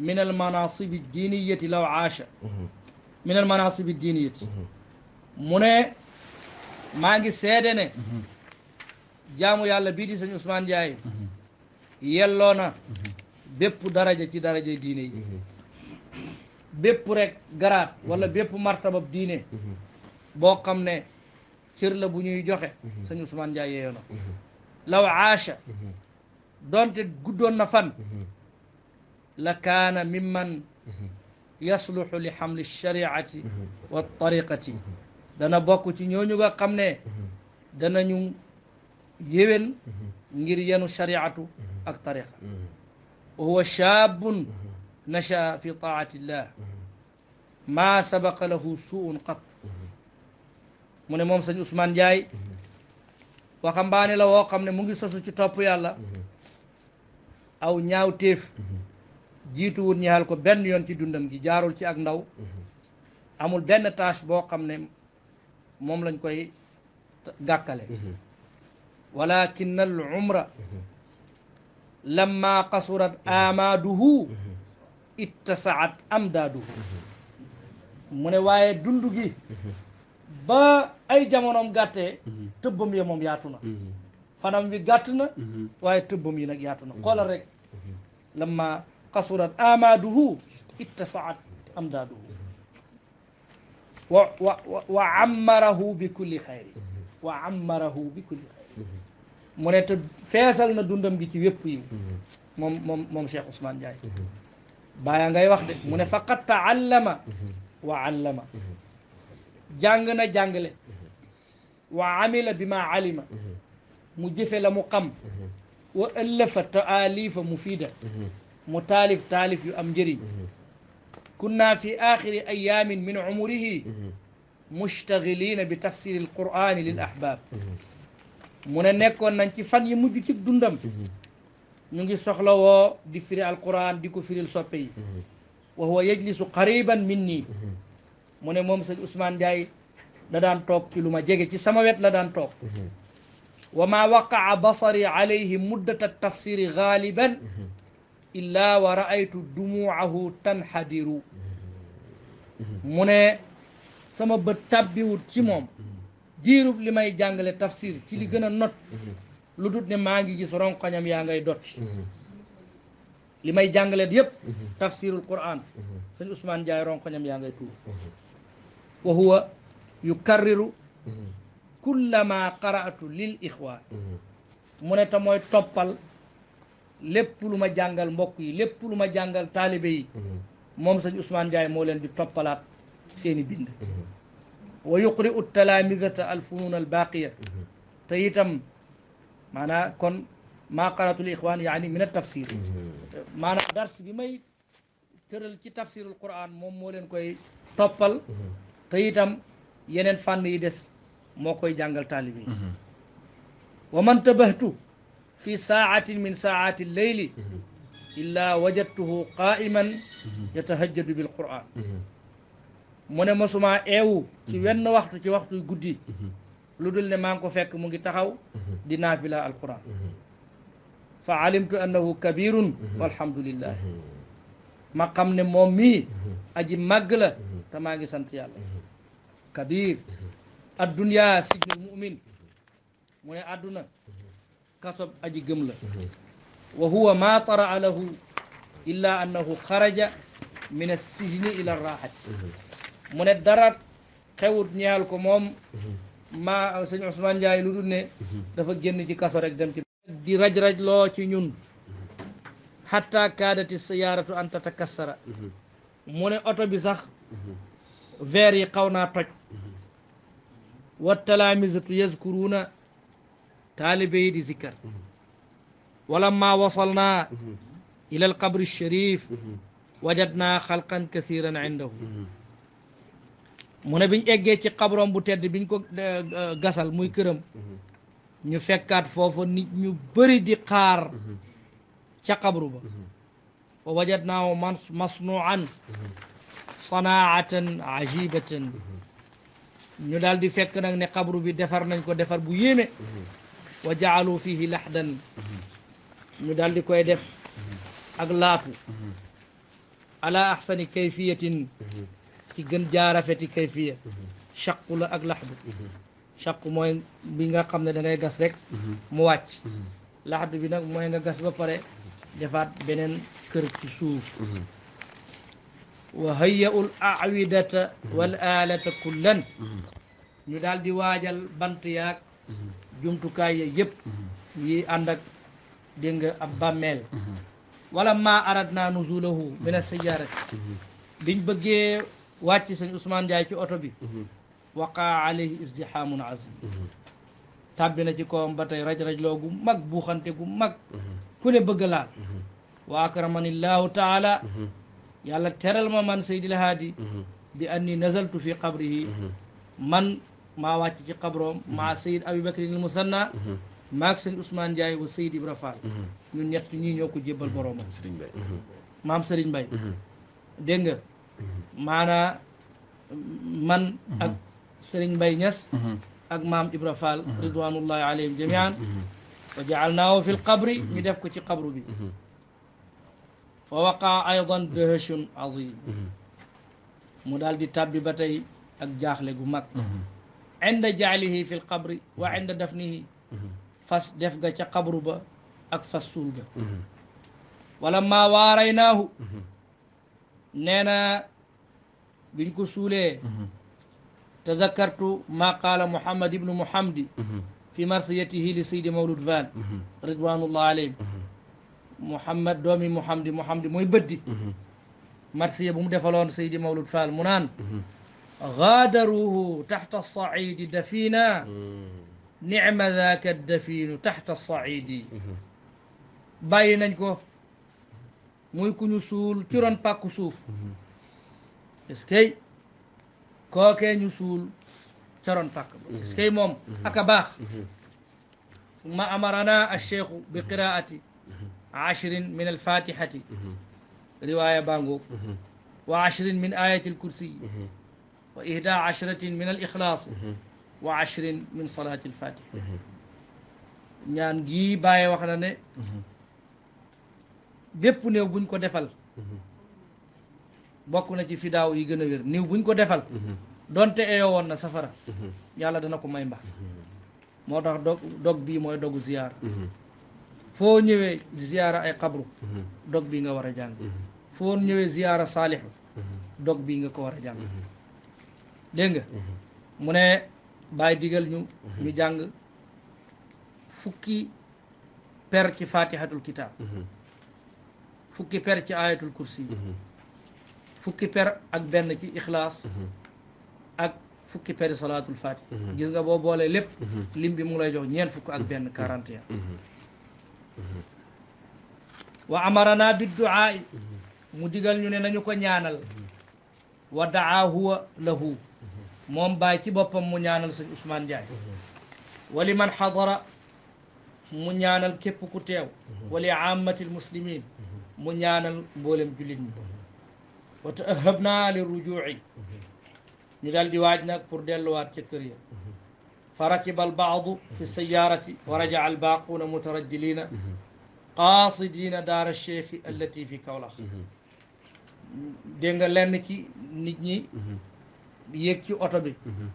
min al manasibi diiniyati law aasha mhm. min al manasibi diiniyati mhm. mu ne maa ngi seede ne mhm. jaamu yàlla bii di sëñ Ousmane Ndiaye yelloo na bépp daraja ci daraja diine yi bépp rek garaat wala bépp martabab diine boo xam ne cër la bu ñuy joxe sëñ Ousmane Ndiaye yeeyoo law aasha donte guddoon na fan la kaana mimman yasluxu li xamli shariati wa dana bokk ci ñooñu nga xam ne ñu yéwén ngir yenu shariatu ak tariqa wa huwa shaabun nashaa fi taati illah maa sabaqa lahu qat mu ne moom sëñ Ousmane Ndiaye waxambaane la woo xam ne mu ngi sosu ci topp yàlla aw ñaaw téef jiituwul ñaxal ko benn yoon ci dundam gi jaarul ci ak ndaw mm-hmm. amul benn tâche boo xam ne moom lañ koy gàkkale mm-hmm. walakin al umra mm-hmm. lamma qasurat amaaduhu am amdaaduhu mu ne waaye dund gi ba ay jamonoom gàttee tëbbam ya moom yaatu na fanam wi gàtt waaye tëbbam yi nag yaatu na xoolal قصرت آماده اتسعت أمداده وعمره بكل خير وعمره بكل خير من فيصل ندندم جي تي ويب يو موم شيخ عثمان جاي بايا غاي واخ دي من فقط تعلم وعلم جانغنا جانغلي وعمل بما علم مجفل مقام وألف تآليف مفيدة متالف تالف يؤمجري كنا في آخر أيام من عمره مشتغلين بتفسير القرآن للأحباب من نكون ننتي فن يمدي تك دندم نجي سخلوا دفري القرآن دي فري الصبي وهو يجلس قريبا مني من موم سيد عثمان جاي لدان توك كي لما جيجي تي لدان توك وما وقع بصري عليه مدة التفسير غالبا illaa wa raaytu dumuuahu tanxadiru mm-hmm. mu ne sama bët tàbbiwut ci moom mm-hmm. diirub li may jàngale tafsir ci li gën a not mm-hmm. lu dut ne maa ngi gis ronkoñam yaa ngay dotti li may jàngale yépp tafsirul quran sëñ Ousmane Ndiaye ronkoñam yaa ngay tuur wa huwa yukarriru kullama qaraatu lil ixwaan mu ne te mooy toppal lépp lu ma jàngal mbokk yi lépp lu ma jàngal taalibe yi moom sëñ Ousmane Ndiaye moo leen di toppalaat seeni bind wa yuqri u funun al albaqiya te itam maanaa kon maa qaratul ixwaan yaani min tafsir maanaam dars bi may tëral ci tafsirul quran moom moo leen koy toppal te itam yeneen fànn yi des moo koy jàngal taalibe yi wa man tabahtu fi sa'atin min sa'ati al-layli illa wajadtuhu qa'iman yatahajjadu bil qur'an mone ne mosuma eewu ci wenn waxtu ci waxtu guddi lu dul ne al ngi ko fekk mu ngi taxaw di fa alimtu annahu kabirun walhamdulillah ma xam ne moom aji magla, la te ngi sant kabir ad dunya mu'min mu aduna كسب أجي جملة وهو ما طرع له إلا أنه خرج من السجن إلى الراحة من الدرر خود نيال موم ما سيد عثمان جاي لدنة دفق جنة كسر أجدم دي رج رج لو تنين حتى كادت السيارة أن تتكسر من أطو بزخ فيري قونا تج والتلاميذ يذكرون taalibe yi di zikkar walamma wasalna ila al qabri sharif wajadna xalqan mu ne biñ eggee ci xabrom bu tedd biñ ko eh, eh, gasal muy këram ñu fekkaat foofu ñu bëri di xaar ca xabru ba wa man masnuan sanaatan ajibatan ñu daal fekk nag ne xabru bi defar nañ ko defar bu yéeme wa jaalu fihi laxdan ñu daal di koy def ak laatu ala axsani kayfiyatin ci gën jaarafeti kayfiya chaqu la ak laxdu chaqu mooy bi nga xam ne da ngay gas rek mu wàcc laxdu bi nag mooy nga gas ba pare defaat beneen kër ci suuf wa hayau l aawidata wal alata kullan ñu daal di waajal bant yaag jumtukaay yooyu yëpp mhm. yi ànd ak dégg nga ab bàmmeel mhm. wala maa arat naa nuzulahu min as-sayyaarati mhm. biñ bëggee wàcc sëñ Ousmane Ndiaye ci oto bi waqaa alayhi izdihaamun azim tàbbi na ci kawam ba tey raj-raj loogu mag buuxante gu mag ku ne bëgg laal wa akramanillahu taala yàlla teral ma man Seydil bi anni nazaltu fi qabrihi man maa wàcc ci xabroom mhm. maa sayid abubakrin al musanna mhm. maak sëñ Ousmane Ndiaye wa sayid Ibra Fall mhm. ñun ñett ñii ñoo ko jébbal boroomam sëriñ Mbay maam sëriñ Mbay dégg nga maanaa man ak sëriñ Mbay Ñas ak maam Ibra Fall ridwanullahi alayhim jamian wa jaalnaahu fi lqabri ñu def ko ci xabru bi fa waqaa aydan dahshun azim mu daal di tàbbi ba tey ak jaaxle gu mag inda jaalihi fi lqabri wa inda dafnihi fas def ga ca xabru ba ak fas suul ga wala maa waaraynaahu nee na biñ ko suulee tazakkartu maa qaala muhammad ibnu muhamdi fi marsiyatihi li saydi mawlud van ridwanullah alayhim muhammad doomi muhamdi muhamdi mooy bëddi marsiya bu mu defaloon saydi mawlud fall mu naan غادروه تحت الصعيد دفينا نعم ذاك الدفين تحت الصعيد باي نانكو موي كونو سول تيرون باكو سوف اسكي كوكي نيو سول تيرون باك اسكي موم اكا باخ ثم امرنا الشيخ بقراءه عشر من الفاتحه روايه بانغو وعشر من ايه الكرسي وإهداء عشرة من الإخلاص وعشر من صلاة الفاتحة نيان جي باي واخنا ني بيب نيو بون كو ديفال بوكو نا سي فيداو يي گنا وير نيو بون كو ديفال دونت ايو وون نا سفرا يالا دانا كو ماي مباخ مو تخ دوك دوك بي موي دوغ زيار فو نيوي زيارة اي قبر دوك بي nga وارا جانغ فو نيوي زيارة صالح دوك بي nga كو وارا جانغ dégg nga mhm. mu ne bay digal ñu mhm. ñu jàng fukki per ci fatihatul kitab mhm. fukki per ci ayatul kursi fukki per ak benn ci ixlaas ak fukki per salaatul fatih gis nga boo boolee lépp lim bi mu lay jox ñeent fukk ak benn quarante et un wa amarana bidduaa mu digal ñu ne nañu ko ñaanal wa daa huwa lahu moom baay ci boppam mu ñaanal sëñ Ousmane Ndiaye wali man xadara mu ñaanal képp ku teew wali ammatil muslimin mu ñaanal mboolem jullit ñi wa taahab naa li rujuci ñu daal di waaj nag pour delluwaat ca kër ya fa rakiba albaadu fi sayyaarati wa rajaca albaaquuna mutarajjilina qaasidina daara cheikhi allati fi kawlax dégg nga lenn ki nit ñi yéeg ci oto bi mhm.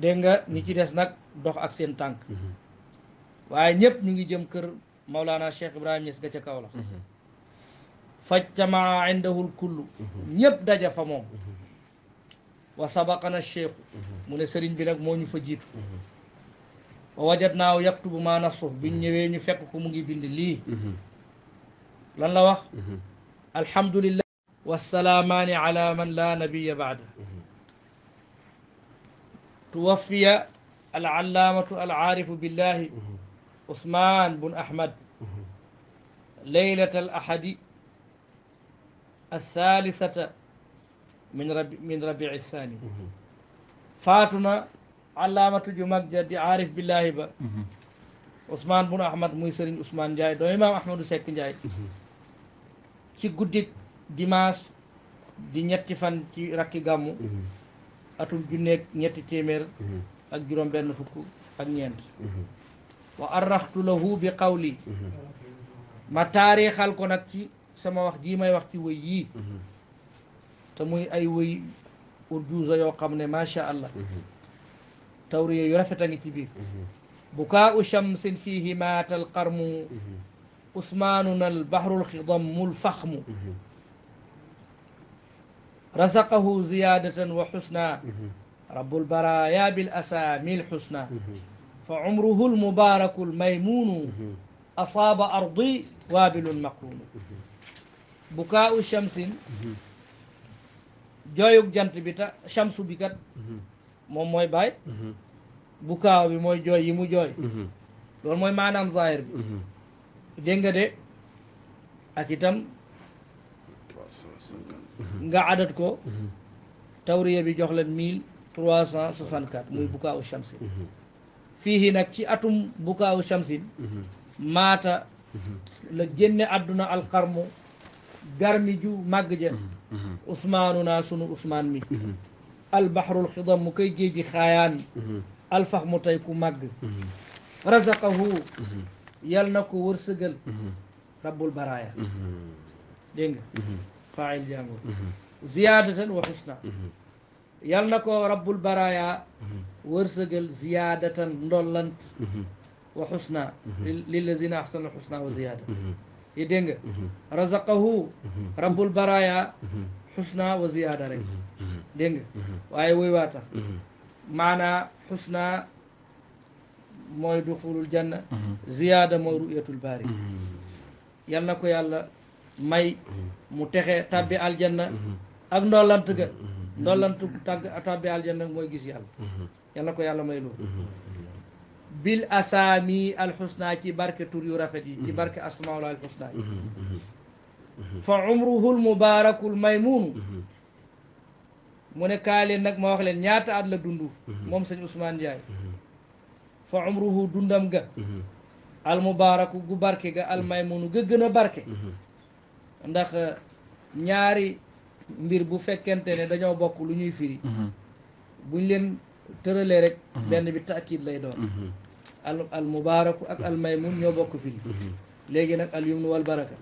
dégg nga ñi ci des nag dox ak seen tànk mhm. waaye ñëpp ñu ngi jëm kër Maulana Cheikh Ibrahima Niass ga ca kaw la mhm. fajtamaa indahul kullu ñëpp daja fa moom wa sabaqana cheikhu mu ne sëriñ bi nag moo ñu fa jiitu wa wajat naaw yaktubu maa nasu biñ ñëwee ñu fekk ko mu ngi bind lii lan la wax alhamdulillah wasalaamaani ala man laa nabiya baada توفي العلامة العارف بالله عثمان بن أحمد ليلة الأحد الثالثة من ربيع من ربيع الثاني فاتنا علامة جمك جدي عارف بالله با عثمان بن أحمد ميسر عثمان جاي دو إمام أحمد سيكن جاي تي غودي ديماس دي نياتي فان تي atum junneeg ñetti témèr ak juróom benn fukk ak ñeent wa arraxtu lahu bi qawli ma taarixal ko ci sama wax jii may wax ci wëy yii te muy ay wëy urjuusa yoo xam ne allah tawriya yu rafet a ngi ci biir bukaau shamsin fihi maatal qarmu usmaanuna al bahrul xidamu رزقه زيادة وحسنا رب البرايا بالأسامي الحسنى فعمره المبارك الميمون أصاب أرضي وابل مقرون بكاء شمس jooyug jant bi ta shamsu bi kat moom mooy baay bu kaaw bi mooy jooy yi mu jooy loolu mooy maanaam zahir bi dégg nga de ak itam nga adat ko tawriya bi jox la mille trois cent soixante quatre muy bukaawu shamsin fii nag ci atum bukaawu shamsin maata la génne àdduna alxarmu garmi ju màgg ja usmaanu naa sunu usmaan mi albaxrul xidam mu koy géeji xaayaan alfax mu tey ku màgg razaqahu yal na ko wërsëgal rabbul baraaya dégg fail jango ziyadatan wa husna yal na ko rabbul baraya wërsëgal ziyadatan ndollant wa husna lillazina ahsanu husna wa ziyada yi dégg nga razaqahu rabbul baraya husna wa ziyada rek dégg nga waaye woy waa tax maanaa husna mooy duxulul janna ziyada mooy ru'yatul baari yal na ko yàlla may mu texe tàbbi aljanna ak ndollant ga ndollant tàgg tàbbi mooy gis yàlla yàlla ko yàlla may loolu bil asaami alxusna ci barke tur yu rafet yi ci barke asmaul alxusna fa umruhu lmubaarakul maymuunu mu ne kaa leen nag ma wax leen ñaata at la dund moom sëñ Ousmane Ndiaye fa umruhu dundam ga almubaaraku gu barke ga almaymuunu ga gën barke ndax ñaari mbir bu fekkente ne dañoo bokk lu ñuy firi buñ leen tëralee rek benn bi taakid lay doon al al mubaaraku ak al maymun ñoo bokk firi léegi nag al yumnu wal baraka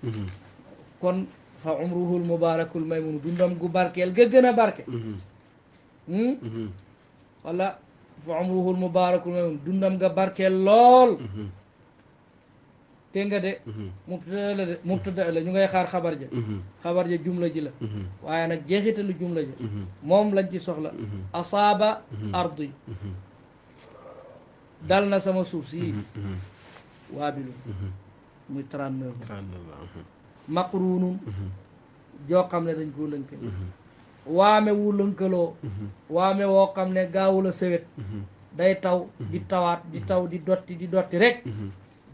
kon fa umruhu al mubarak al maymun dundam gu barkeel ga gën a barke wala fa umruhu al mubarak al maymun dundam ga barkeel lool te nga de mhm. mubtada la de mubtada la ñu ngay xaar xabar ja mhm. xabar ja jumla ji la mhm. waaye nag jeexitalu jumla ja moom lañ ci soxla asaaba ardi dal na sama suuf si waabilu muy trente-neuf maqruunun joo xam ne dañ koo lënkale waame wu lënkaloo waame woo xam ne gaawul a day taw di tawaat di taw di dotti di dotti rek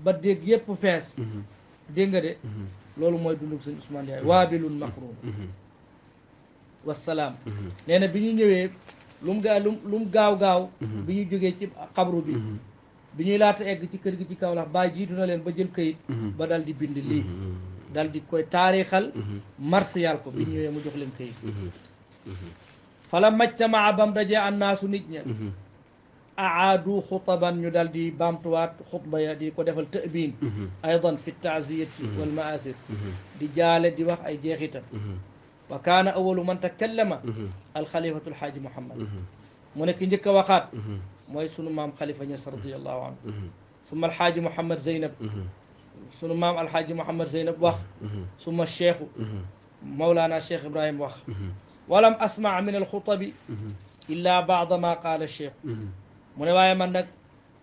ba dégg yépp fees mhm. dégg de mhm. loolu mooy dundug sëñ Ousmane Yaay waabilun maxruum mhm. wasalaam nee na bi ñu ñëwee lum gaa gaaw gaaw bi ñu jógee ci xabru bi bi ñuy laata egg ci kër gi ci kaw lax bàyyi jiitu na leen ba jël kayit ba dal di bind lii dal di koy taarixal marsiyal ko bi ñëwee mu jox leen kayit fala majtamaa bam dajee annaasu nit ña أعادوا خطبا يدل دي بامتوات خطبة دي كده ديفال أيضا في التعزية والمآثر دي جالة دي وقع أي جيغتا وكان أول من تكلم الخليفة الحاج محمد منك نجك وقات موي سونو مام خليفة نيس رضي الله عنه ثم الحاج محمد زينب سنو مام الحاج محمد زينب واخ ثم الشيخ مولانا الشيخ إبراهيم واخ ولم أسمع من الخطب إلا بعض ما قال الشيخ mu ne waaye man nag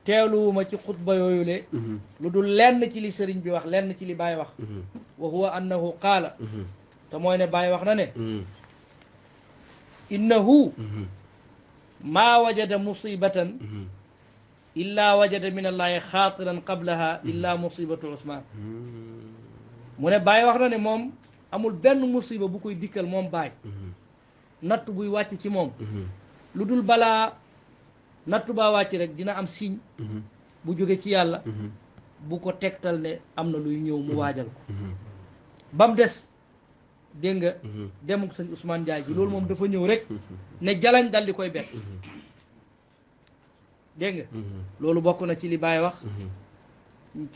teeluwuma ci xutba yooyule mhm. lu dul lenn ci li sëriñ bi wax lenn ci li Baay wax mhm. wa huwa annahu qaala mhm. te mooy ne Baay wax na ne innahu maa wajada musibatan illaa wajada min allahi xaatiran qablaha illaa musibatu usman mu ne Baay wax na ne moom amul benn musiba bu koy dikkal moom Baay natt buy wàcc ci moom lu dul nattu baa wàcc rek dina am signe mhm. bu jóge ci yàlla mhm. bu ko tegtal ne am na luy ñëw mu mhm. waajal ko ba des dégg nga demuk sëñ Ousmane loolu moom dafa ñëw rek ne jalañ di koy bett dégg loolu bokk na ci libaay Baye wax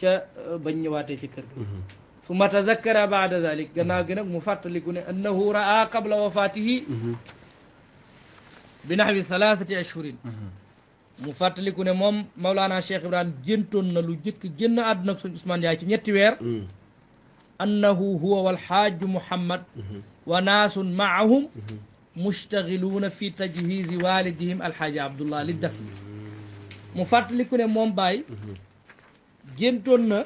ca euh, bañ ñëwaatee ci kër gi summa tazakkara baada zalik gannaaw gi nag mu fàttaliku ne annahu raa qabla wafatihi bi naxwi salaasati ashhurin mu fàttaliku ne moom Maulana Cheikh Ibrahim géntoon na lu jëkk génn àdduna ak suñ Ousmane Ndiaye ci ñetti weer annahu huwa walxaaju muhammad wa naasun maahum mustagiluuna fi tajhizi walidihim alxaaji abdullah li daf mu fàttaliku ne moom Baye géntoon na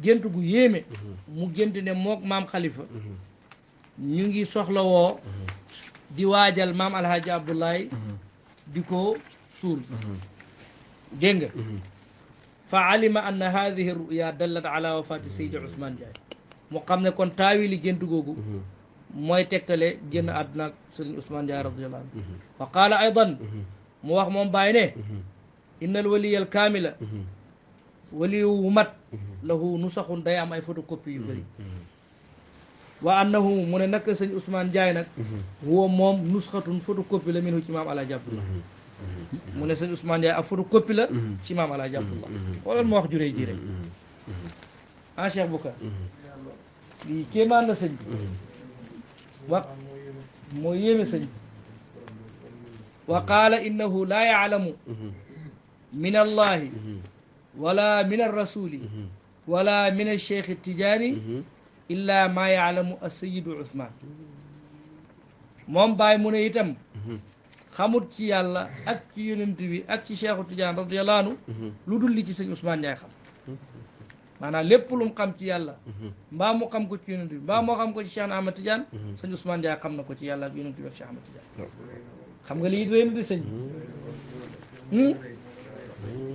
gént gu yéeme mu gént ne mook maam xalifa ñu ngi soxlawoo di waajal maam alxaaji abdullahi di ko سور جنگ فعلم ان هذه الرؤيا دلت على وفاه سيد عثمان جاي مقام نكون تاوي لي جنت غوغو موي تكتالي جن ادنا سيدنا عثمان جاي رضي الله عنه وقال ايضا مو واخ موم باي ان الولي الكامل ولي ومت له نسخ داي ام اي فوتوكوبي يوري وانه من نك سيدنا عثمان جاي نك هو موم نسخه فوتوكوبي لمن امام على جابر mu ne sëñ Ousmane Ndiaye ab photocopie la ci imam Alaaji Abdullah xoolal ma wax juréy ji rek ah Cheikh bouka li kéemaan la sëñ bi wax moo yéeme sëñ bi wa qaala innahu laa yaalamu min allahi wala min arrasuli wala min alcheikh tijaani illa maa yaalamu assayidu Ousmane moom baay mu ne itam xamut ci yàlla ak ci yonent bi ak ci Cheikhu Tidiane radiyallahu anhu lu dul li ci sëñ Ousmane Ndiaye xam maanaam lépp lu mu xam ci yàlla mbaa mu xam ko ci yonent bi mbaa moo xam ko ci Cheikh Ahmad Tidiane sëñ Ousmane Ndiaye xam na ko ci yàlla ak yonent bi ak Cheikh Ahmad Tidiane xam nga lii rëy na di sëñ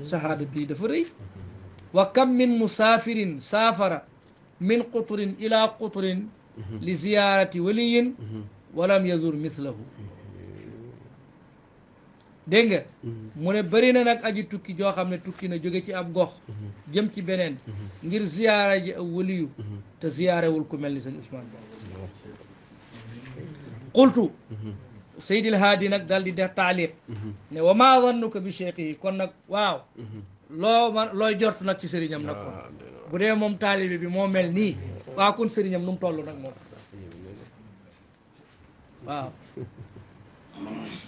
sahaada bii dafa rëy wa kam min musaafirin saafara min quturin ila quturin li ziyaarati waliyin walam yazur mislahu dégg nga mm-hmm. mu ne bëri na nag aji tukki joo xam ne tukki na jóge ci ab gox mm-hmm. jëm ci beneen mm-hmm. ngir ziyaara ji aw waliyu te ziyaarewul ku mel ni sëñ Ousmane Ba qultu Seydil Haadi nag daal di def taaliq ne wa maa zannuka bi cheikh yi kon nag waaw loo ma looy jort nag ci sëriñam nag kon ah, bu dee moom taalibi bi moo mel nii waaw kon sëriñam nu mu toll nag moom waaw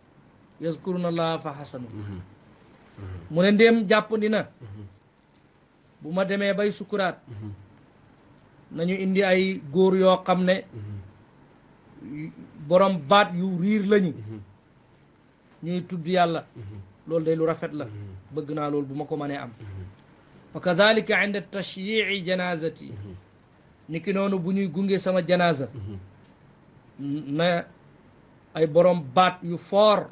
yazkuruna allah fa xasanu mhm. mhm. mu ne ndéem jàppandi na mhm. bu ma demee bay sukuraat nañu indi ay góor yoo xam ne borom baat yu riir lañu ñuy tudd yàlla loolu day lu rafet la bëgg naa loolu bu ma ko mënee am wa kadalika inda tashyici janazati ni ki noonu bu ñuy gunge sama janaza na ay borom baat yu foor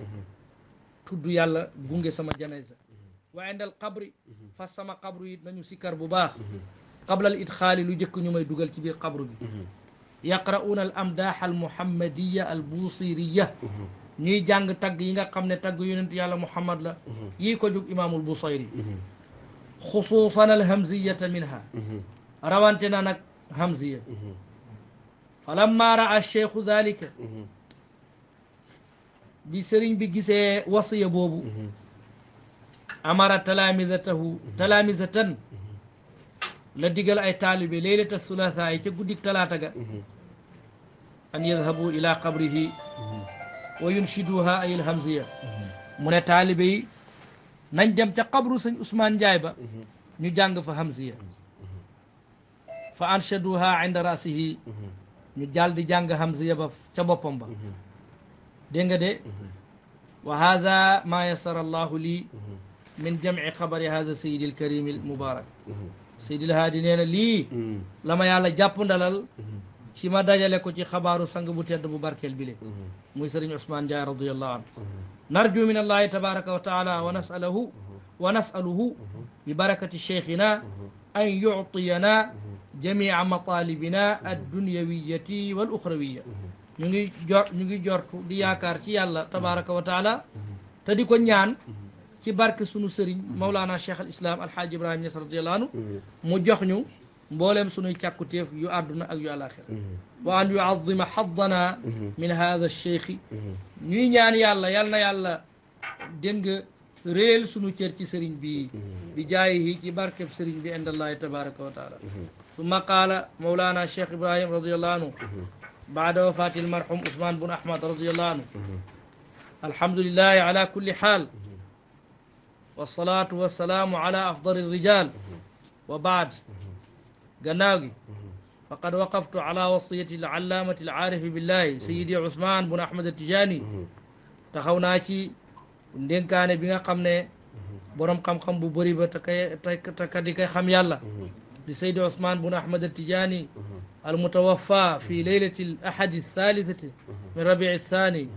tuddu yàlla gunge sama janaza wa indal qabr fa sama qabru nañu sikkar bu baax al idxaali lu jëkk ñumay duggal dugal ci bir qabru bi yaqrauna al amdah al muhammadiyya al busiriyya ñi jàng tag yi nga xamne tag yonent yàlla muhammad la yi ko imam al busairi khususan al hamziyya minha rawante na nag hamziya falamma raa cheikhu dalika bi sëriñ bi gisee wasiya boobu mhm. amara talaamisatahu talaamisatan la digal ay taalibe leylata sulaasa yi ca guddik talaata ga mhm. an yadhabu ila qabrihi mhm. wa yunshiduha ayil hamziya mu ne taalibe nañ dem ca qabru sëñ Ousmane Ndiaye ba ñu jàng fa hamziya fa anshaduha inda rasihi ñu jàll jàng hamziya ba ca boppam ba دينغا دي وهذا ما يسر الله لي من جمع خبر هذا سيدي الكريم المبارك سيدي الهادي نينا لي لما يالا جابون دلال شي ما داجالي كو خبارو سانغ بو تيد بو بيلي موي عثمان جاي رضي الله عنه نرجو من الله تبارك وتعالى ونساله ونساله ببركه شيخنا ان يعطينا جميع مطالبنا الدنيويه والاخرويه ñu ngi jor ñu ngi jortu di yaakaar ci yàlla tabaraka wa taala te di ko ñaan ci barke sunu sëriñ Mawlana Cheikh al Islam alhaaji Ibrahima Niass radiyallahu anhu mu jox ñu mbooleem sunuy càkkutéef yu àdduna ak yu àlaxira wa an yuazima xaddana min hada cheikhi ñuy ñaan yàlla yal na yàlla dén nga réel sunu cër ci sëriñ bi bi jaayihi ci barkeb sëriñ bi indallahi tabaraka wa taala summa qaala Mawlana Cheikh Ibrahima radiyallahu anhu بعد وفاة المرحوم عثمان بن أحمد رضي الله عنه الحمد لله على كل حال والصلاة والسلام على أفضل الرجال وبعد قناقي فقد وقفت على وصية العلامة العارف بالله سيدي عثمان بن أحمد التجاني تخوناكي ci كان bi nga xam ne borom xam-xam bu bëri ba بن أحمد te xam yàlla di Seydi Ousmane bun Ahmad Tijaani المتوفى في ليلة الأحد الثالثة من ربيع الثاني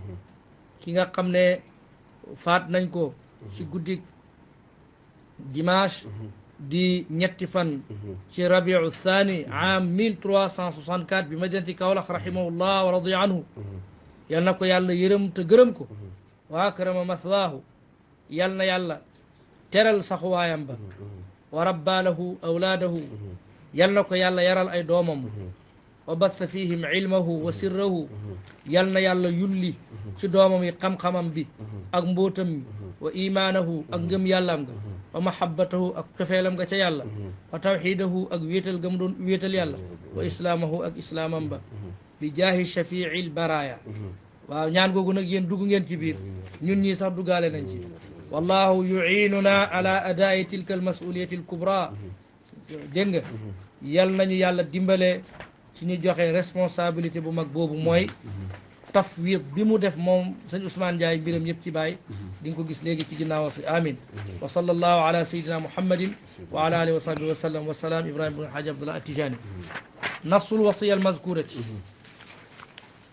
كيغا قمنا فات نانكو ci guddik dimanche di ñetti fan ci rabiu thani am 1364 bi madinati kawlax rahimahullah wa radiya anhu yal na ko yàlla yërëm te gërëm ko wa akrama mathwaahu yal na yàlla teral saxuwaayam ba wa rabba lahu awlaadahu yal na ko yàlla yaral ay doomam wa bassa fihim ilmahu wa sirrahu yal na yàlla yulli ci doomam yi xam-xamam bi ak mbóotam mi wa imaanahu ak ngëm yàllaam nga wa mahabbatahu ak cofeelam nga ca yàlla wa tawxidahu ak wéetal gam doon wéetal yàlla wa islaamahu ak islaamam ba bi jaahi shafiil baraya waaw ñaan googu nag yéen dugg ngeen ci biir ñun ñii sax duggaale nañ ci wallahu yuinuna ala adaai tilka almasuliyati alkubra dégg nga yal nañu yàlla dimbale ci ñu joxe responsabilité bu mag boobu mooy tafwid bi mu def moom sëñ Ousmane Ndiaye mbiram yëpp ci bàyyi di nga ko gis léegi ci ginnaaw si amin wa sallallahu ala sayidina muhammadin wa ala alihi wa sahbihi wa sallam wa salaam ibrahima ibn haaji abdullah atijani nasul wasiya almazkurati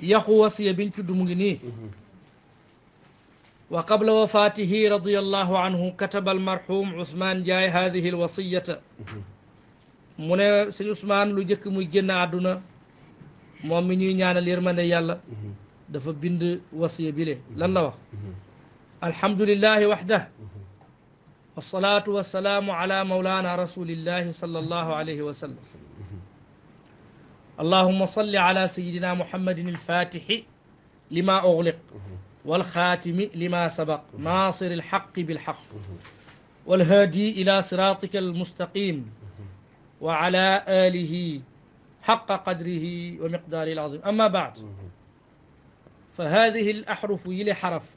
yaxu wasiya biñ tudd mu ngi nii wa qabla wafatihi radiallahu anhu kataba almarhum Ousmane Ndiaye hadihi alwasiyata mu ne sëñ Ousmane lu jëkk muy génn àdduna moom mi ñuy ñaanal yërmande yàlla dafa bind wasiya bi le lan la wax alhamdulillahi waxdah wasalaatu wasalaamu ala maulana rasulillahi sallallahu alayhi wa sallam اللهم صل على سيدنا محمد الفاتح لما أغلق والخاتم لما سبق ناصر الحق بالحق والهادي إلى صراطك المستقيم وعلى آله حق قدره ومقداره العظيم أما بعد فهذه الأحرف إلى حرف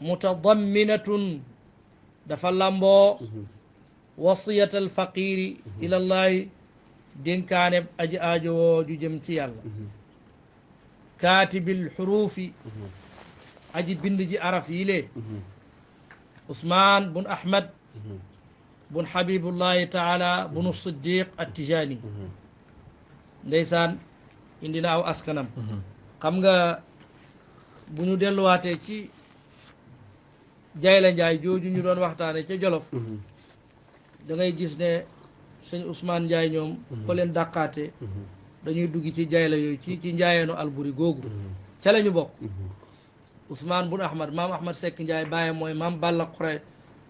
متضمنة دفلامبو وصية الفقير إلى الله دين كان أجي آجو جمتي الله كاتب الحروف أجي بندجي عرف إليه عثمان بن أحمد bun habibullahi taala bunu mm-hmm. siddiq at tijaani mm-hmm. ndeysaan indi na aw askanam mm-hmm. xam nga bu ñu delluwaatee ci jayla njaay jooju ñu doon waxtaane ci jolof da ngay gis ne sëñ Ousmane Njaay ñoom ko leen dàqaate dañuy dugg ci jayla yooyu ci ci njaayeenu alburi googu ca la ñu bokk Ousmane bun Ahmad maam Ahmad Seck Njaay bàyyam mooy maam Balla Xure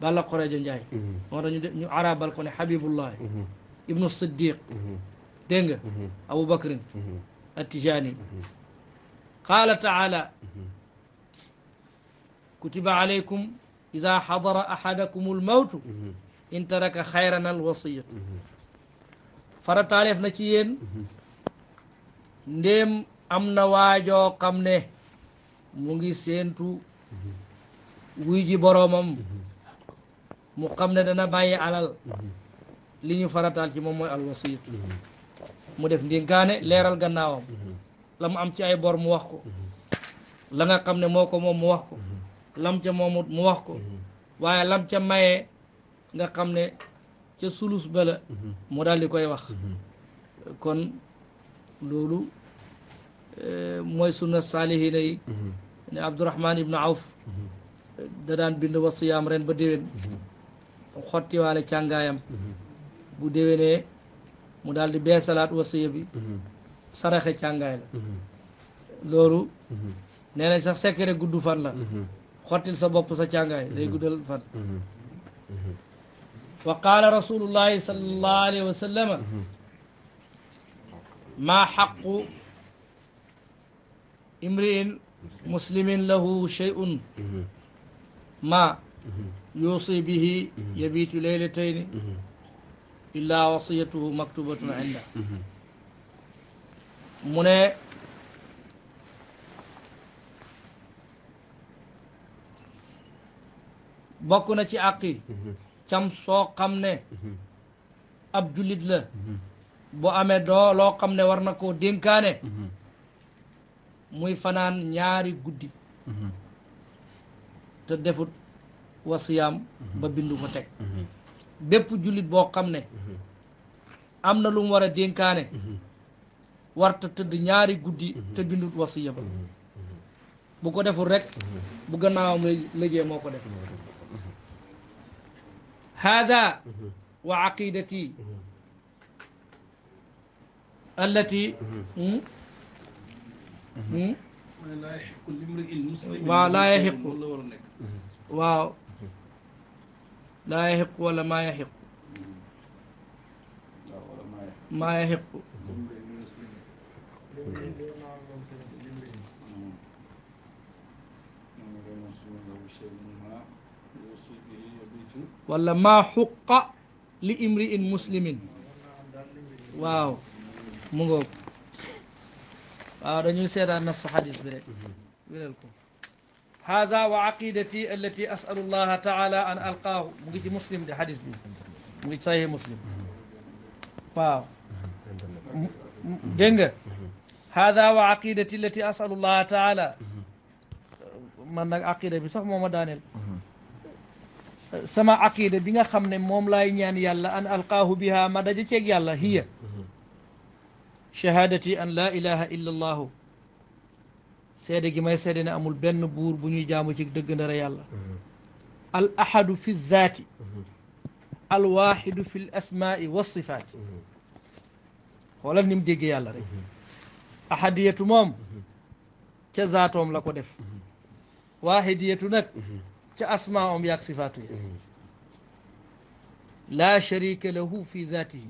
ba la xorojo njaay moo tax ñu arabal ko ne habibullahi ibnu siddiq dégg nga abou bacrin attijani qala taala kutiba alaykum ida xadara ahadakum almawtu in taraka xayran alwasiyatu farataaleef na ci yéen ndéem am na waajoo xam ne mu ngi séentu wuy ji boroomam mu xam ne dana bàyyi alal mhm. li ñu farataal ci moom mooy alwasiit mhm. mu def ndénkaane leeral gannaawam mhm. la mu am ci ay bor mu wax ko la nga xam ne moo ko moom mu wax ko lam ca moomut mu wax ko waaye lam ca mayee nga xam ne ca sulus ba la mu daal di koy wax kon loolu eh, mooy sunna saalihina yi ne Abdourahman ibnu Awf da daan bind wasiyaam ren ba déwén xottiwaale càngaayam bu déwénee mu daal di beesalaat wasiya bi saraxe càngaay loolu nee nañ gudd fan la xottil sa bopp sa càngaay day guddal fan wa qaala rasulullahi sallallahu alayhi maa xaqu imri'in muslimin lahu shay'un ma yuusi bihi yabiitu leylatayni illaa wasiyatuhu maktubatun mu ne bokk na ci àqi cam soo xam ne ab jullit la bu amee doo loo xam ne war na koo dénkaane muy fanaan ñaari guddi te defut wa siyaam ba mhm. bindu ko teg mhm. bépp jullit boo xam ne mhm. am na lu mu war a dénkaane warta tëdd ñaari guddi te bindut wasiya ba bu ko deful rek bu gannaawam liggéey moo ko def hada wa aqidati allati hmm? Hmm? waaw laa yaxiqu waaw لا يحق ولا ما يحق ما يحق ولا ما حق لامرئ مسلم واو موغو واو آه، دا نيو سيدا نص حديث بري ويلكم هذا وعقيدتي التي أسأل الله تعالى أن ألقاه مجيت مسلم ده حديث بي مجيت صحيح مسلم واو جنجة هذا وعقيدتي التي أسأل الله تعالى من عقيدة بصح مو مدانيل سما عقيدة بيغا خمن موم لا نيان يالا أن ألقاه بها ما دجي تيك يالا هي شهادتي أن لا إله إلا الله سيدي جماعة سيدنا أمول بن بور بني جامو تيك دقنا ريالا الأحد في الذات الواحد في الأسماء والصفات خلال نم دي جيالا ري أحدية موم كذاتهم لكو دف واحدية نك كأسماءهم ياك صفاته لا شريك له في ذاته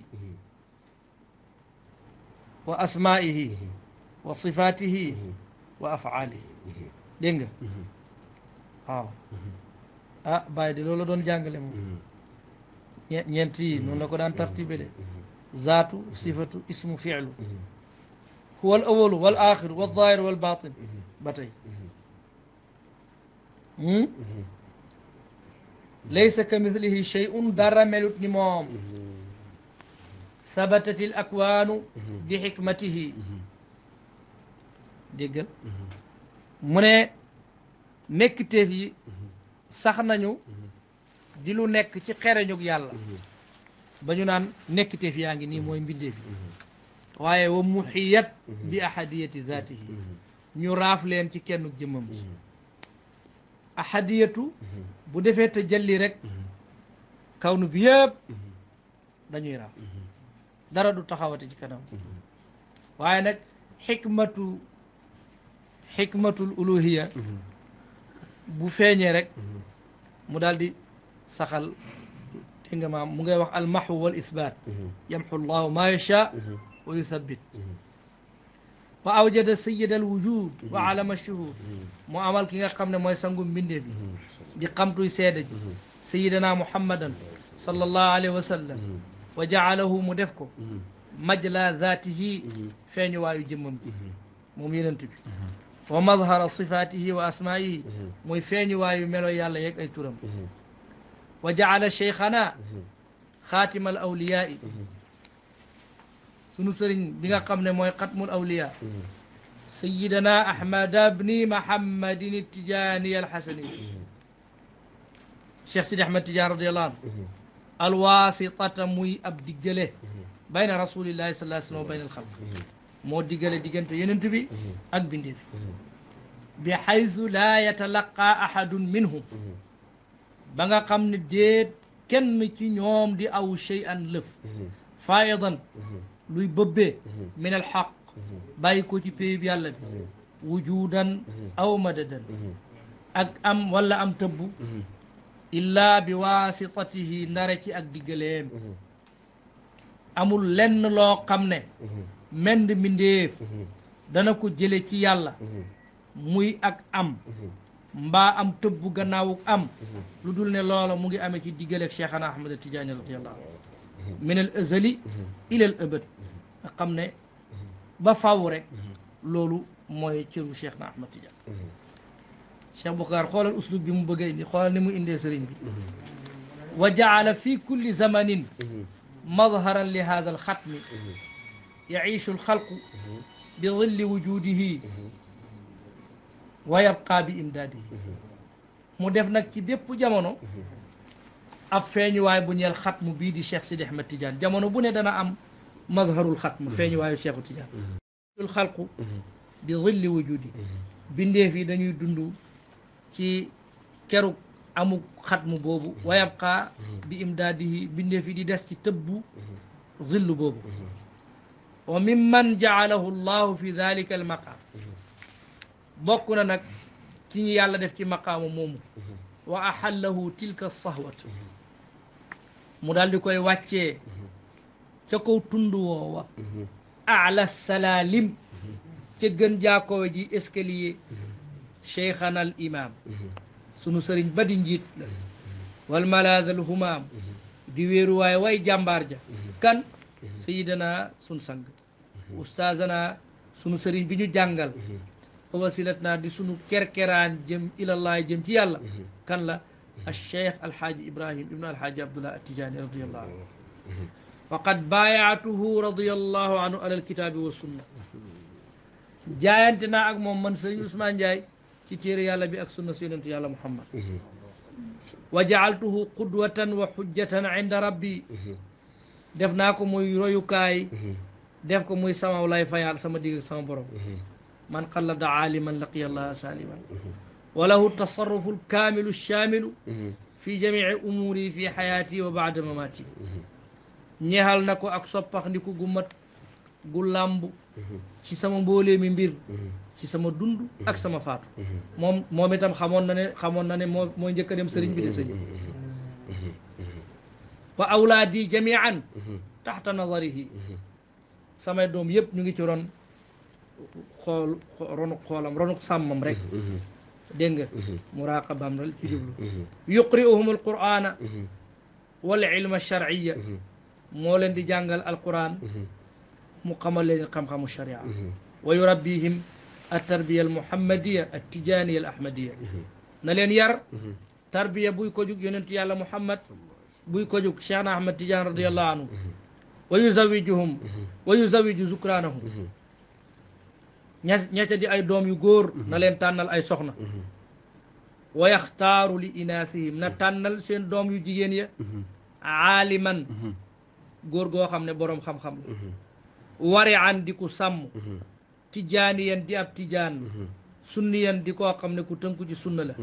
وأسمائه وصفاته وافعاله دينغا اه اه باي دي لولو دون جانغالي مو نينتي نون لاكو دان ترتيبي دي ذات صفه اسم فعل هو الاول والاخر والظاهر والباطن باتاي hmm? ليس كمثله شيء دار ملوت ثبتت الاكوان بحكمته déggal mm-hmm. mu ne nekkitéef yi sax nañu mm-hmm. di lu nekk ci xereñug yàlla mm-hmm. ba ñu naan nekkitéef yaa ngi nii mooy mbindeef yi waaye wa muxiyat bi ahadiyati zaatihi ñu raaf leen ci kenn jëmmam ahadiyatu bu defee te jëlli rek kawnu bi yëpp dañuy raaf dara du taxawate ci kanam waaye nag xikmatu xikmatul uluhiya bu feeñee rek mu daal di saxal dégg nga maam mu ngay wax almaxu wal isbaat yamxu llahu maa yasha wa yusabbit wa awjada sayida al wujud wa alama shuhud mu amal ki nga xam ne mooy sangu mbindeef bi di xamtuy seede ji sayidana muhammadan sallallahu alayhi wa sallam wa jaalahu mu def ko majla zaatihi feeñu waayu jëmmam ji moom yenent bi ومظهر صفاته وأسمائه ميفيني وايو ملو يالا يك أي ترم وجعل شيخنا خاتم الأولياء سنسرين بيغا قمنا موي قتم الأولياء سيدنا أحمد بن محمد التجاني الحسني شيخ سيد أحمد التجاني رضي الله عنه الواسطة موي أبدي بين رسول الله صلى الله عليه وسلم وبين الخلق moo diggale diggante yeneen bi mm-hmm. ak bindi mm-hmm. bi bi xaysu laa yatalaqa ahadun minhum mm-hmm. ba nga xam ne déet kenn ci ñoom di aw chey an lëf faidan luy bëbbee min al xaq bàyyi ko ci péyib yàlla bi wujudan aw madadan ak am wala am tëbb illaa bi waasitatihi ndare ci ak diggaleem amul lenn loo xam ne mend mindeef dana ko jële ci yàlla muy ak am mba am gannaaw ak am ludul ne lolo mu ngi amé ci diggaleeg cheikhana ahmad tijaani radiallahu anhu min al azali ila al abad xamne xam ba faw rek ci ru cheikh cheikhana ahmad tidiane cheikh boucar xolal uslub bi mu beugé ni xolal ni mu indé serigne bi وجعل في fi kulli zamanin لهذا الختم yaciishu alxalqu bi dilli wujudihi wa yabqa bi imdaadihi mu def nag ci bépp jamono ab feeñuwaay bu ñeel xatmu bii di cheikh Sidi Ahmed Tidiane jamono bu ne dana am mazharul xatmu feeñuwaayu cheikhu Tidiane yaciishul xalqu bi dilli wujudi bindeef yi dañuy dund ci keruk amuk xatmu boobu wa yabqa bi imdaadihi bindeef yi di des ci tëbbu zillu boobu wa mimman jaalahu llahu fi dalika al maqaam bokk na nag ci ñi yàlla def ci maqaamu moomu wa axallahu tilka sahwat mu daal di koy wàccee ca kaw tund woowa ala salalim ca gën jaakoo ji escalier cheikhana al imam sunu sëriñ ba di njiit la wal malaadal humaam di wéeruwaay way jàmbaar ja kan sayidana sun sang ustaazana sunu sëriñ bi ñu jàngal wasilat naa di sunu kerkeraan jëm ilallaay jëm ci yàlla kan la al cheikh alhaaji ibrahim ibnu alhaaji abdullah attijaani radiallahu anhu wa qad baayaatuhu radiallahu anhu ala alkitaabi wa sunna jaayante naa ak moom man sëriñ Ousmane Ndiaye ci téere yàlla bi ak sunna su yonentu yàlla muhammad wa jacaltuhu qudwatan wa xujjatan inda rabbi def naa ko muy royukaay def ko muy sama lay fayal sama digg sama borom man qallada aliman laqiya allaha saliman walahu tasarrufu alkamilu alshamilu fi jamici umuri fi hayati wa baada mamati ñeexal nako ko ak soppax ndiku gu mat gu làmb ci sama mboolee mi mbir ci sama dund ak sama faatu moom moom itam xamoon na ne xamoon na ne moo mooy dem sëriñ bi de sëñ wa awlaadi jamian taxta nazarihi samay doom yëpp ñu ngi ci ron xool ronu xoolam ronu sàmmam rek dégg nga muraqabam la ci jublu yuqri'uhum alqur'ana wal ilma alsharciya moo leen di jàngal alquran mu xamal leen xam-xamu sharia wa yurabbihim التربية المحمدية التجانية الأحمدية نلين يار تربية بوي كوجوك يونت يالا محمد بوي كوجوك شيخنا أحمد تجان رضي الله عنه wa yuzawijuhum wa yuzawiju zukraanahum ña di ay doom yu góor na leen tànnal ay soxna wa yaxtaaru li inaasihim na tànnal seen doom yu jigéen ya aaliman góor goo xam ne boroom xam-xam la warian di ku sàmm tijaaniyan di ab tijaan sunniyan di koo xam ne ku tënku ci sunna la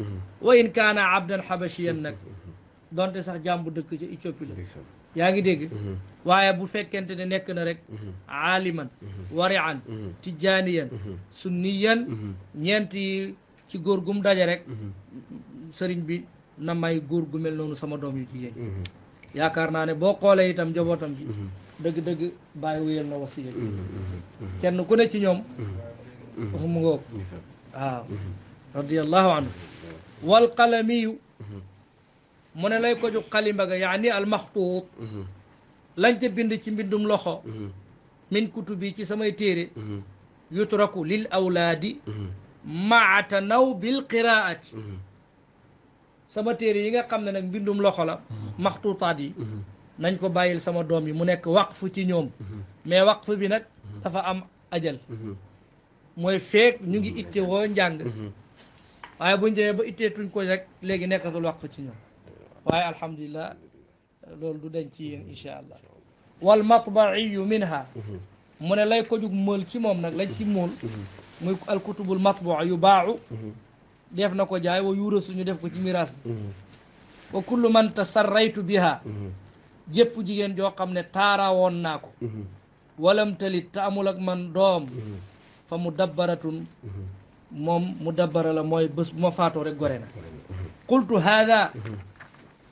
wa in kaana abdan xabashiyan nag donte sax jàmbu dëkk ca Éthiopie la yaa ngi dégg waaye bu fekkente ne nekk na rek mhm. aaliman mhm. warian mhm. tijjaaniyan sunniyan ñeent ci góor gum daje rek sëriñ bi na may góor gu mel noonu sama doom yu jigéen yaakaar naa ne boo xoolee itam njabootam ji dëgg-dëgg bàyyi wuyal na wasiya kenn ku ne ci ñoom radiallahu anhu wal qalamiyu mu ne lay ko ju xalimba ga yaani al maxtuut lañ ca bind ci mbindum loxo mhm. min kutubi ci samay téere mhm. yutraku lil awlaadi mhm. maata naw bil qiraati sama téere yi nga xam ne nag mbindum loxo la maxtuutaat yi nañ ko bàyyil sama doom yi mu nekk wax fu ci ñoom mais waqfu bi nag dafa am ajal mooy feek ñu ngi itte woo njàng waaye buñ demee ba itteetuñ ko rek léegi nekkatul waqfu ci ñoom waaye alhamdulilah loolu du dañ ci yéen incha allah wal matbaiyu minha mu ne lay ko jug mool ci moom nag lañ ci mool muy alkutubul matbua yu baaxu def na ko jaay wa yuura suñu def ko ci miraas bi wa kullu man tasarraytu biha jëpp jigéen joo xam ne taarawoon naa ko walam talit te ak man doom fa mu dabbaratun moom mu dabbara la mooy bés bu ma faatoo rek gore na qultu haada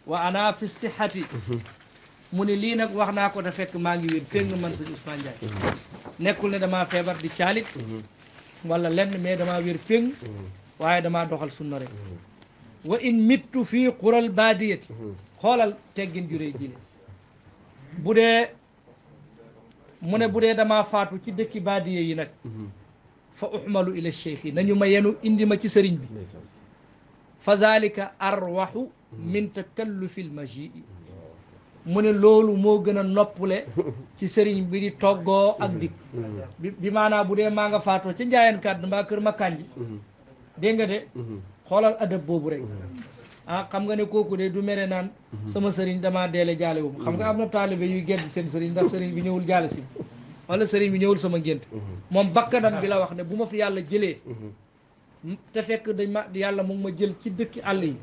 وانا في الصحه موني لي نك واخنا كو دا فك ماغي وير فنگ مان سي عثمان جاي نيكول ني داما فيبر دي تشاليت ولا لين مي داما وير فنگ واي داما دوخال سونو ري وان ميت في قرى الباديه خولال تيغين جوري جيلي بودي موني بودي داما فاتو تي دكي باديه يي نك فا احملو الى الشيخ نانيو ما ينو اندي ما تي سيرين بي نعم. فذلك ارواح min takallufil maji mu ne loolu moo gën a noppale ci sëriñ bi di toggoo ak dikk bi maanaa bu dee maa nga faatoo ci njaayeen kàdd mbaa kër ma kànj dégg nga de xoolal adab boobu rek ah xam nga ne kooku de du mere naan sama sëriñ damaa deele jaale wu xam nga am na taalibe yuy gedd seen sëriñ ndax sëriñ bi ñëwul jaale si wala sëriñ bi ñëwul sama ngént moom bakkanam bi la wax ne bu ma fi yàlla jëlee te fekk dañ ma yàlla mu ma jël ci dëkki àll yi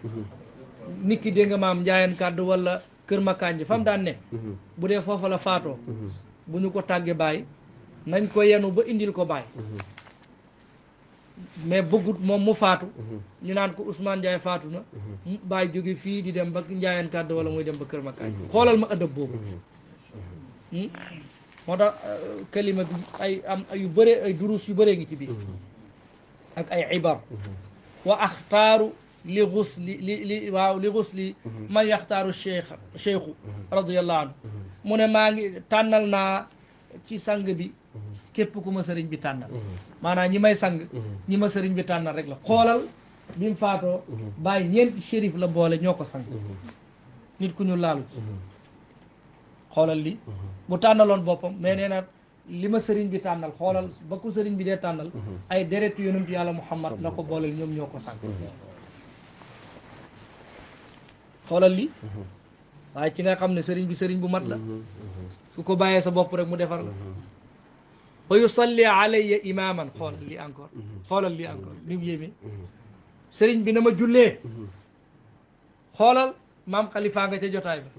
nit ki dégg nga maam njaayeen kàddu wala kër makkaanji fam daan ne mhm. bu dee foofa la faatoo mhm. bu ñu ko tàggee bàyyi nañ ko yenu ba indil ko bàyyi mhm. mais bëggut moom mu faatu ñu naan ko Ousmane Ndiaye faatu na bàyyi jóge fii di dem ba njaayeen kàdd wala muy dem ba kër ma makkaanji xoolal ma ëddëb boobu hmm? moo tax euh, kalima bi ay am yu bëree ay duruus yu bëree ngi ci biir ak ay ibar wa axtaaru لغسل لغسل من يختار الشيخ الشيخ رضي الله عنه mu ne maa ngi tànnal naa ci sang bi képp ku ma sëriñ bi tànnal maanaam ñi may sang ñi ma sëriñ bi tànnal rek la xoolal bi mu faatoo bàyyi ñeenti shérif la boole ñoo ko sang nit ku ñu laalu ci xoolal li bu tànnaloon boppam mais nee na li ma sëriñ bi tànnal xoolal ba ku sëriñ bi dee tànnal ay deretu yonent yàlla muhammad na ko booleel ñoom ñoo ko sang xoolal li mhm. waaye ci nga xam ne sëriñ bi sëriñ bu mat la su mhm, mhm. ko bàyyee sa bopp rek mu defar la wa yusalli alayya imaman xoolal li encore xoolal lii encore li mu yéeme sëriñ bi na ma jullee xoolal maam xalifa nga ca jotaay ba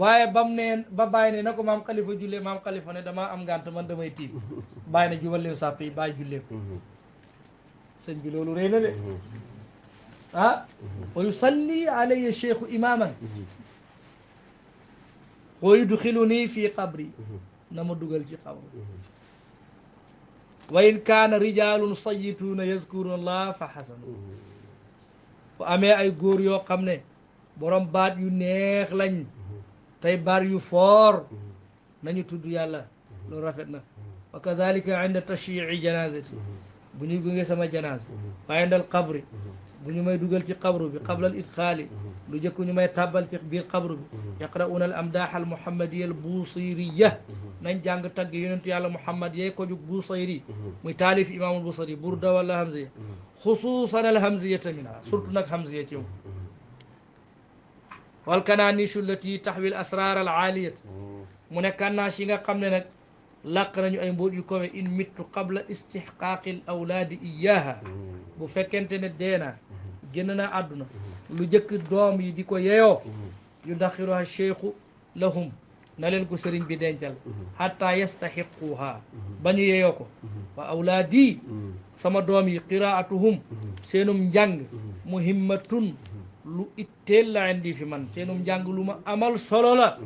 waaye ne ba bàyyi ne na ko maam kalifa jullee maam xalifa ne damaa am ngànt man damay tiim bàyyi na jubal leen sàpp yi jullee ko bi loolu rëy na ها ويصلي علي الشيخ إماما ويدخلني في قبري نمدق الجقبر وإن كان رجال صيتون يذكرون الله فحسن وأمي أي غور يو قمني borom baat yu neex lañ tey baar yu foor nañu tudd yàlla loolu rafet na wa kadalika inda tashyi'i janazati bu ñuy gunge sama janaza wa inda al qabri بني ما يدخل في قبره بي قبل الإدخال لجك بني ما يتابل في بير قبره بي. يقرأون الأمداح المحمدية البوصيرية نجانغ تجين أنت على محمد يا كوجك بوصيري متالف إمام البصري بردة ولا همزة خصوصا الهمزة تمنا سرتنك همزة يوم والكنانيش التي تحوي الأسرار العالية من كان ناشيغا قمنا làq nañu ay mbóot yu kowe in mittu qabla istixqaaqil awlaadi iyaaha bu fekkente ne deena génn na àdduna lu jëkk doom yi di ko yeyoo yu daxiruha cheikhu lahum na leen ko sëriñ bi dencal xatta yastaxiquha ba yeyoo ko wa awlaadi sama doom yi qiraatuhum seenum njàng muhimmatun lu itteel la indi fi man seenum njàng lu ma amal solola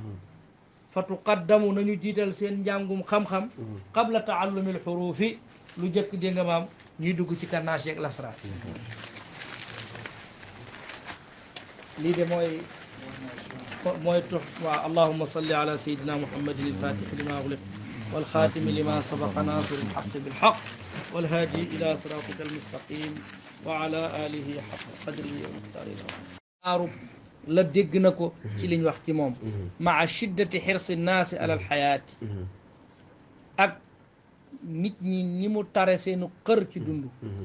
فتقدموا نانيو جيتال سين جانغوم خام خام قبل تعلم الحروف لو جيك ديغا مام ني دوغ سي كاناشي اك لاسرا لي دي موي موي تو اللهم صل على سيدنا محمد الفاتح لما اغلق والخاتم لما سبق ناصر الحق بالحق والهادي الى صراطك المستقيم وعلى اله حق قدره ومقداره la dégg na ko ci liñ wax ci moom maa shiddati xirsi naasi alal xayaati ak nit ñi ni mu tare seenu xër ci dund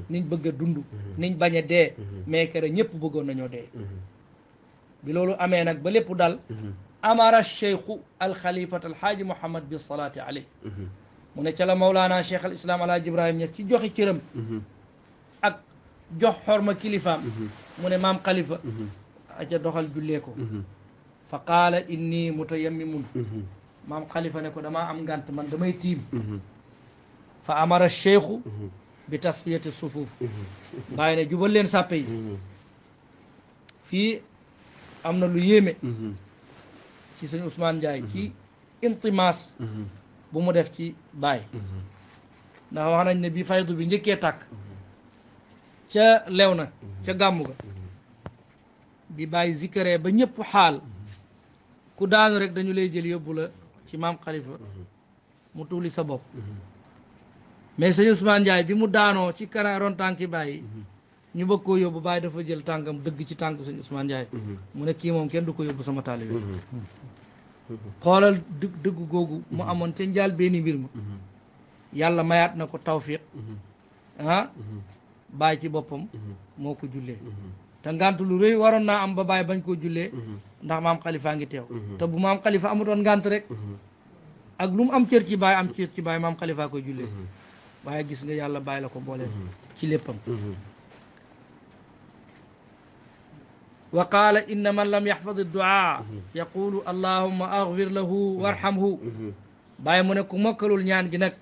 niñ bëgg a dund niñ bañ a dee mais kere ñëpp bëggoon nañoo dee bi loolu amee nag ba lépp dal amara cheikhu alxalifat alxaaji mouhamad bi salaati alayh mu ne ca la mawlaana cheikh al islam alhaaj ibrahim ñe ci joxe cëram ak jox xorma kilifaam mu ne maam xalifa aca doxal jullee ko fa qaala inni mutayammimun maam xalifa ne ko damaa am ngant man damay tiim fa amara cheikhu bi tasfiyati sufuuf bàyyi ne jubal leen sàppe yi fii am na lu yéeme ci sëñ Ousmane Ndiaye ci intimaas bu mu def ci baay ndax wax nañ ne bi faydu bi njëkkee tàkk ca lew na ca gàmmu ga bi bàyyi zikkaree ba ñëpp xaal ku daanu rek dañu lay jël yóbbu la ci maam Khalifa mu tuuli sa bopp mais sëñ Ousmane Ndiaye bi mu daanoo ci kanaaroon tànki bàyyi ñu bëgg koo yóbbu bàyyi dafa jël tànkam dëgg ci tànk sëñ Ousmane Ndiaye mu ne kii moom kenn du ko yóbbu sama taalibe xoolal dëgg googu mu amoon ca njaal benn mbir ma yàlla mayaat na ko tawfiq ah. bàyyi ci boppam moo ko jullee te ngàntu lu rëy waroon naa am ba bàyyi bañ koo jullee ndax maam xalifa ngi teew te bu maam xalifa amutoon ngànt rek ak lu mu am cër ci baay am cër ci baay maam xalifa koy jullee waaye gis nga yàlla bàyyi la ko mbooleen ci léppam wa qaala inna man lam yaxfad duaa yaqulu allahumma axfir lahu warhamhu bàyyi mu ne ku mokkalul ñaan gi nag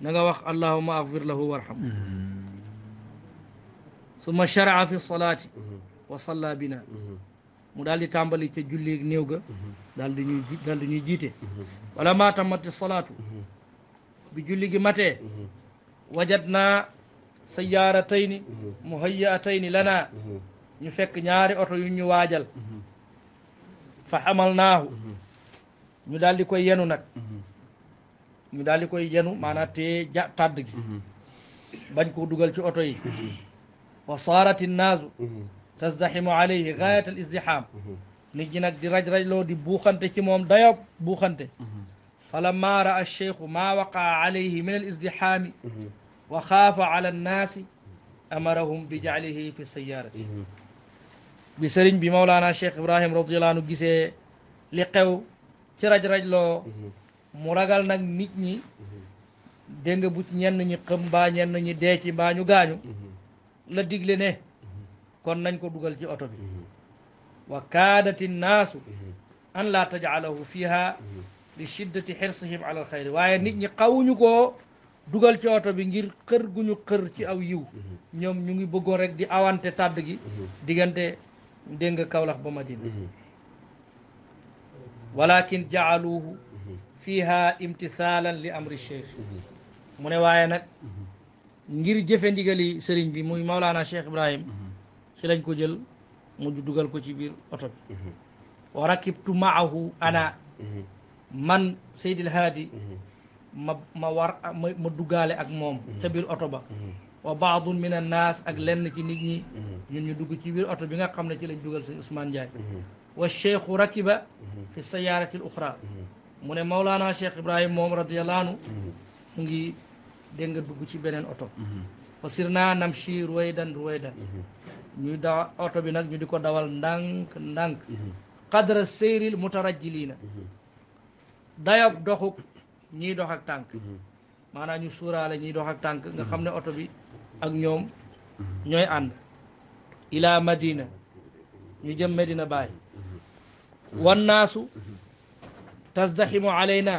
na nga wax allahumma axfir lahu summa sharaa fi salaati mhm. wa salla bina mhm. mu daal di tàmbali ca julli néew ga mhm. daal di jiite wala maa tamati salaatu bi julli gi matee wajat naa sayaaratayni muhayyatayni lana ñu fekk ñaari oto yu ñu waajal fa xamal naahu ñu daal di koy yenu nag ñu daal koy yenu maanaam te ja gi bañ koo dugal ci oto yi وصارت الناس تزدحم عليه غاية الازدحام نجينا دراج رجلو دي بوخانت كموم دايوب بوخانت فلما رأى الشيخ ما وقع عليه من الازدحام وخاف على الناس أمرهم بجعله في السيارة بسرين بمولانا الشيخ إبراهيم رضي الله عنه جيسي لقو تراج رجلو مراجل نك دنگ بوت نين قمبا نين ديكي با نيو la digle ne mhm. kon nañ ko dugal ci oto bi mhm. wa kaadati nnaasu mhm. an laa tajcalahu fiha li shiddati xirsihim ala alxayri waaye nit ñi xawuñu ko dugal ci oto bi ngir xër guñu xër ci aw yiw ñoom ñu ngi bëggoon rek di awante tàdd gi diggante dégg kawlax ba madina walakin jaaluuhu fiha imtisaalan li amri cheikh mu ne waaye nag ngir jëfe ndigali sëriñ bi muy Maulana Cheikh Ibrahim mm-hmm. ci lañ ko jël mu dugal ko ci biir oto bi mm-hmm. wa rakibtu maahu ana mm-hmm. man Seydil Haadi ma ma duggaale ak moom ca biir oto ba wa baadun min annaas ak lenn ci nit ñi ñun ñu dugg ci biir oto bi nga xam ne ci lañ dugal sëñ Ousmane Ndiaye wa cheikhu rakiba fi sayaarati l uxra mu ne Maulana Cheikh Ibrahim moom radiyallahu anhu ngi dégg nga dugg ci beneen oto mhm. fa sir naa nam shi ruwaydan ruwaydan mhm. ñuy da oto bi nag ñu di ko dawal ndànk ndànk mhm. qadra seyril mutarajjiliina dayob doxuk ñiy dox ak tànk maanaam ñu suuraale ñiy dox ak tànk nga xam ne oto bi ak ñoom ñooy ànd ila madina ñu jëm Medina Baay wannaasu tasdaximu alayna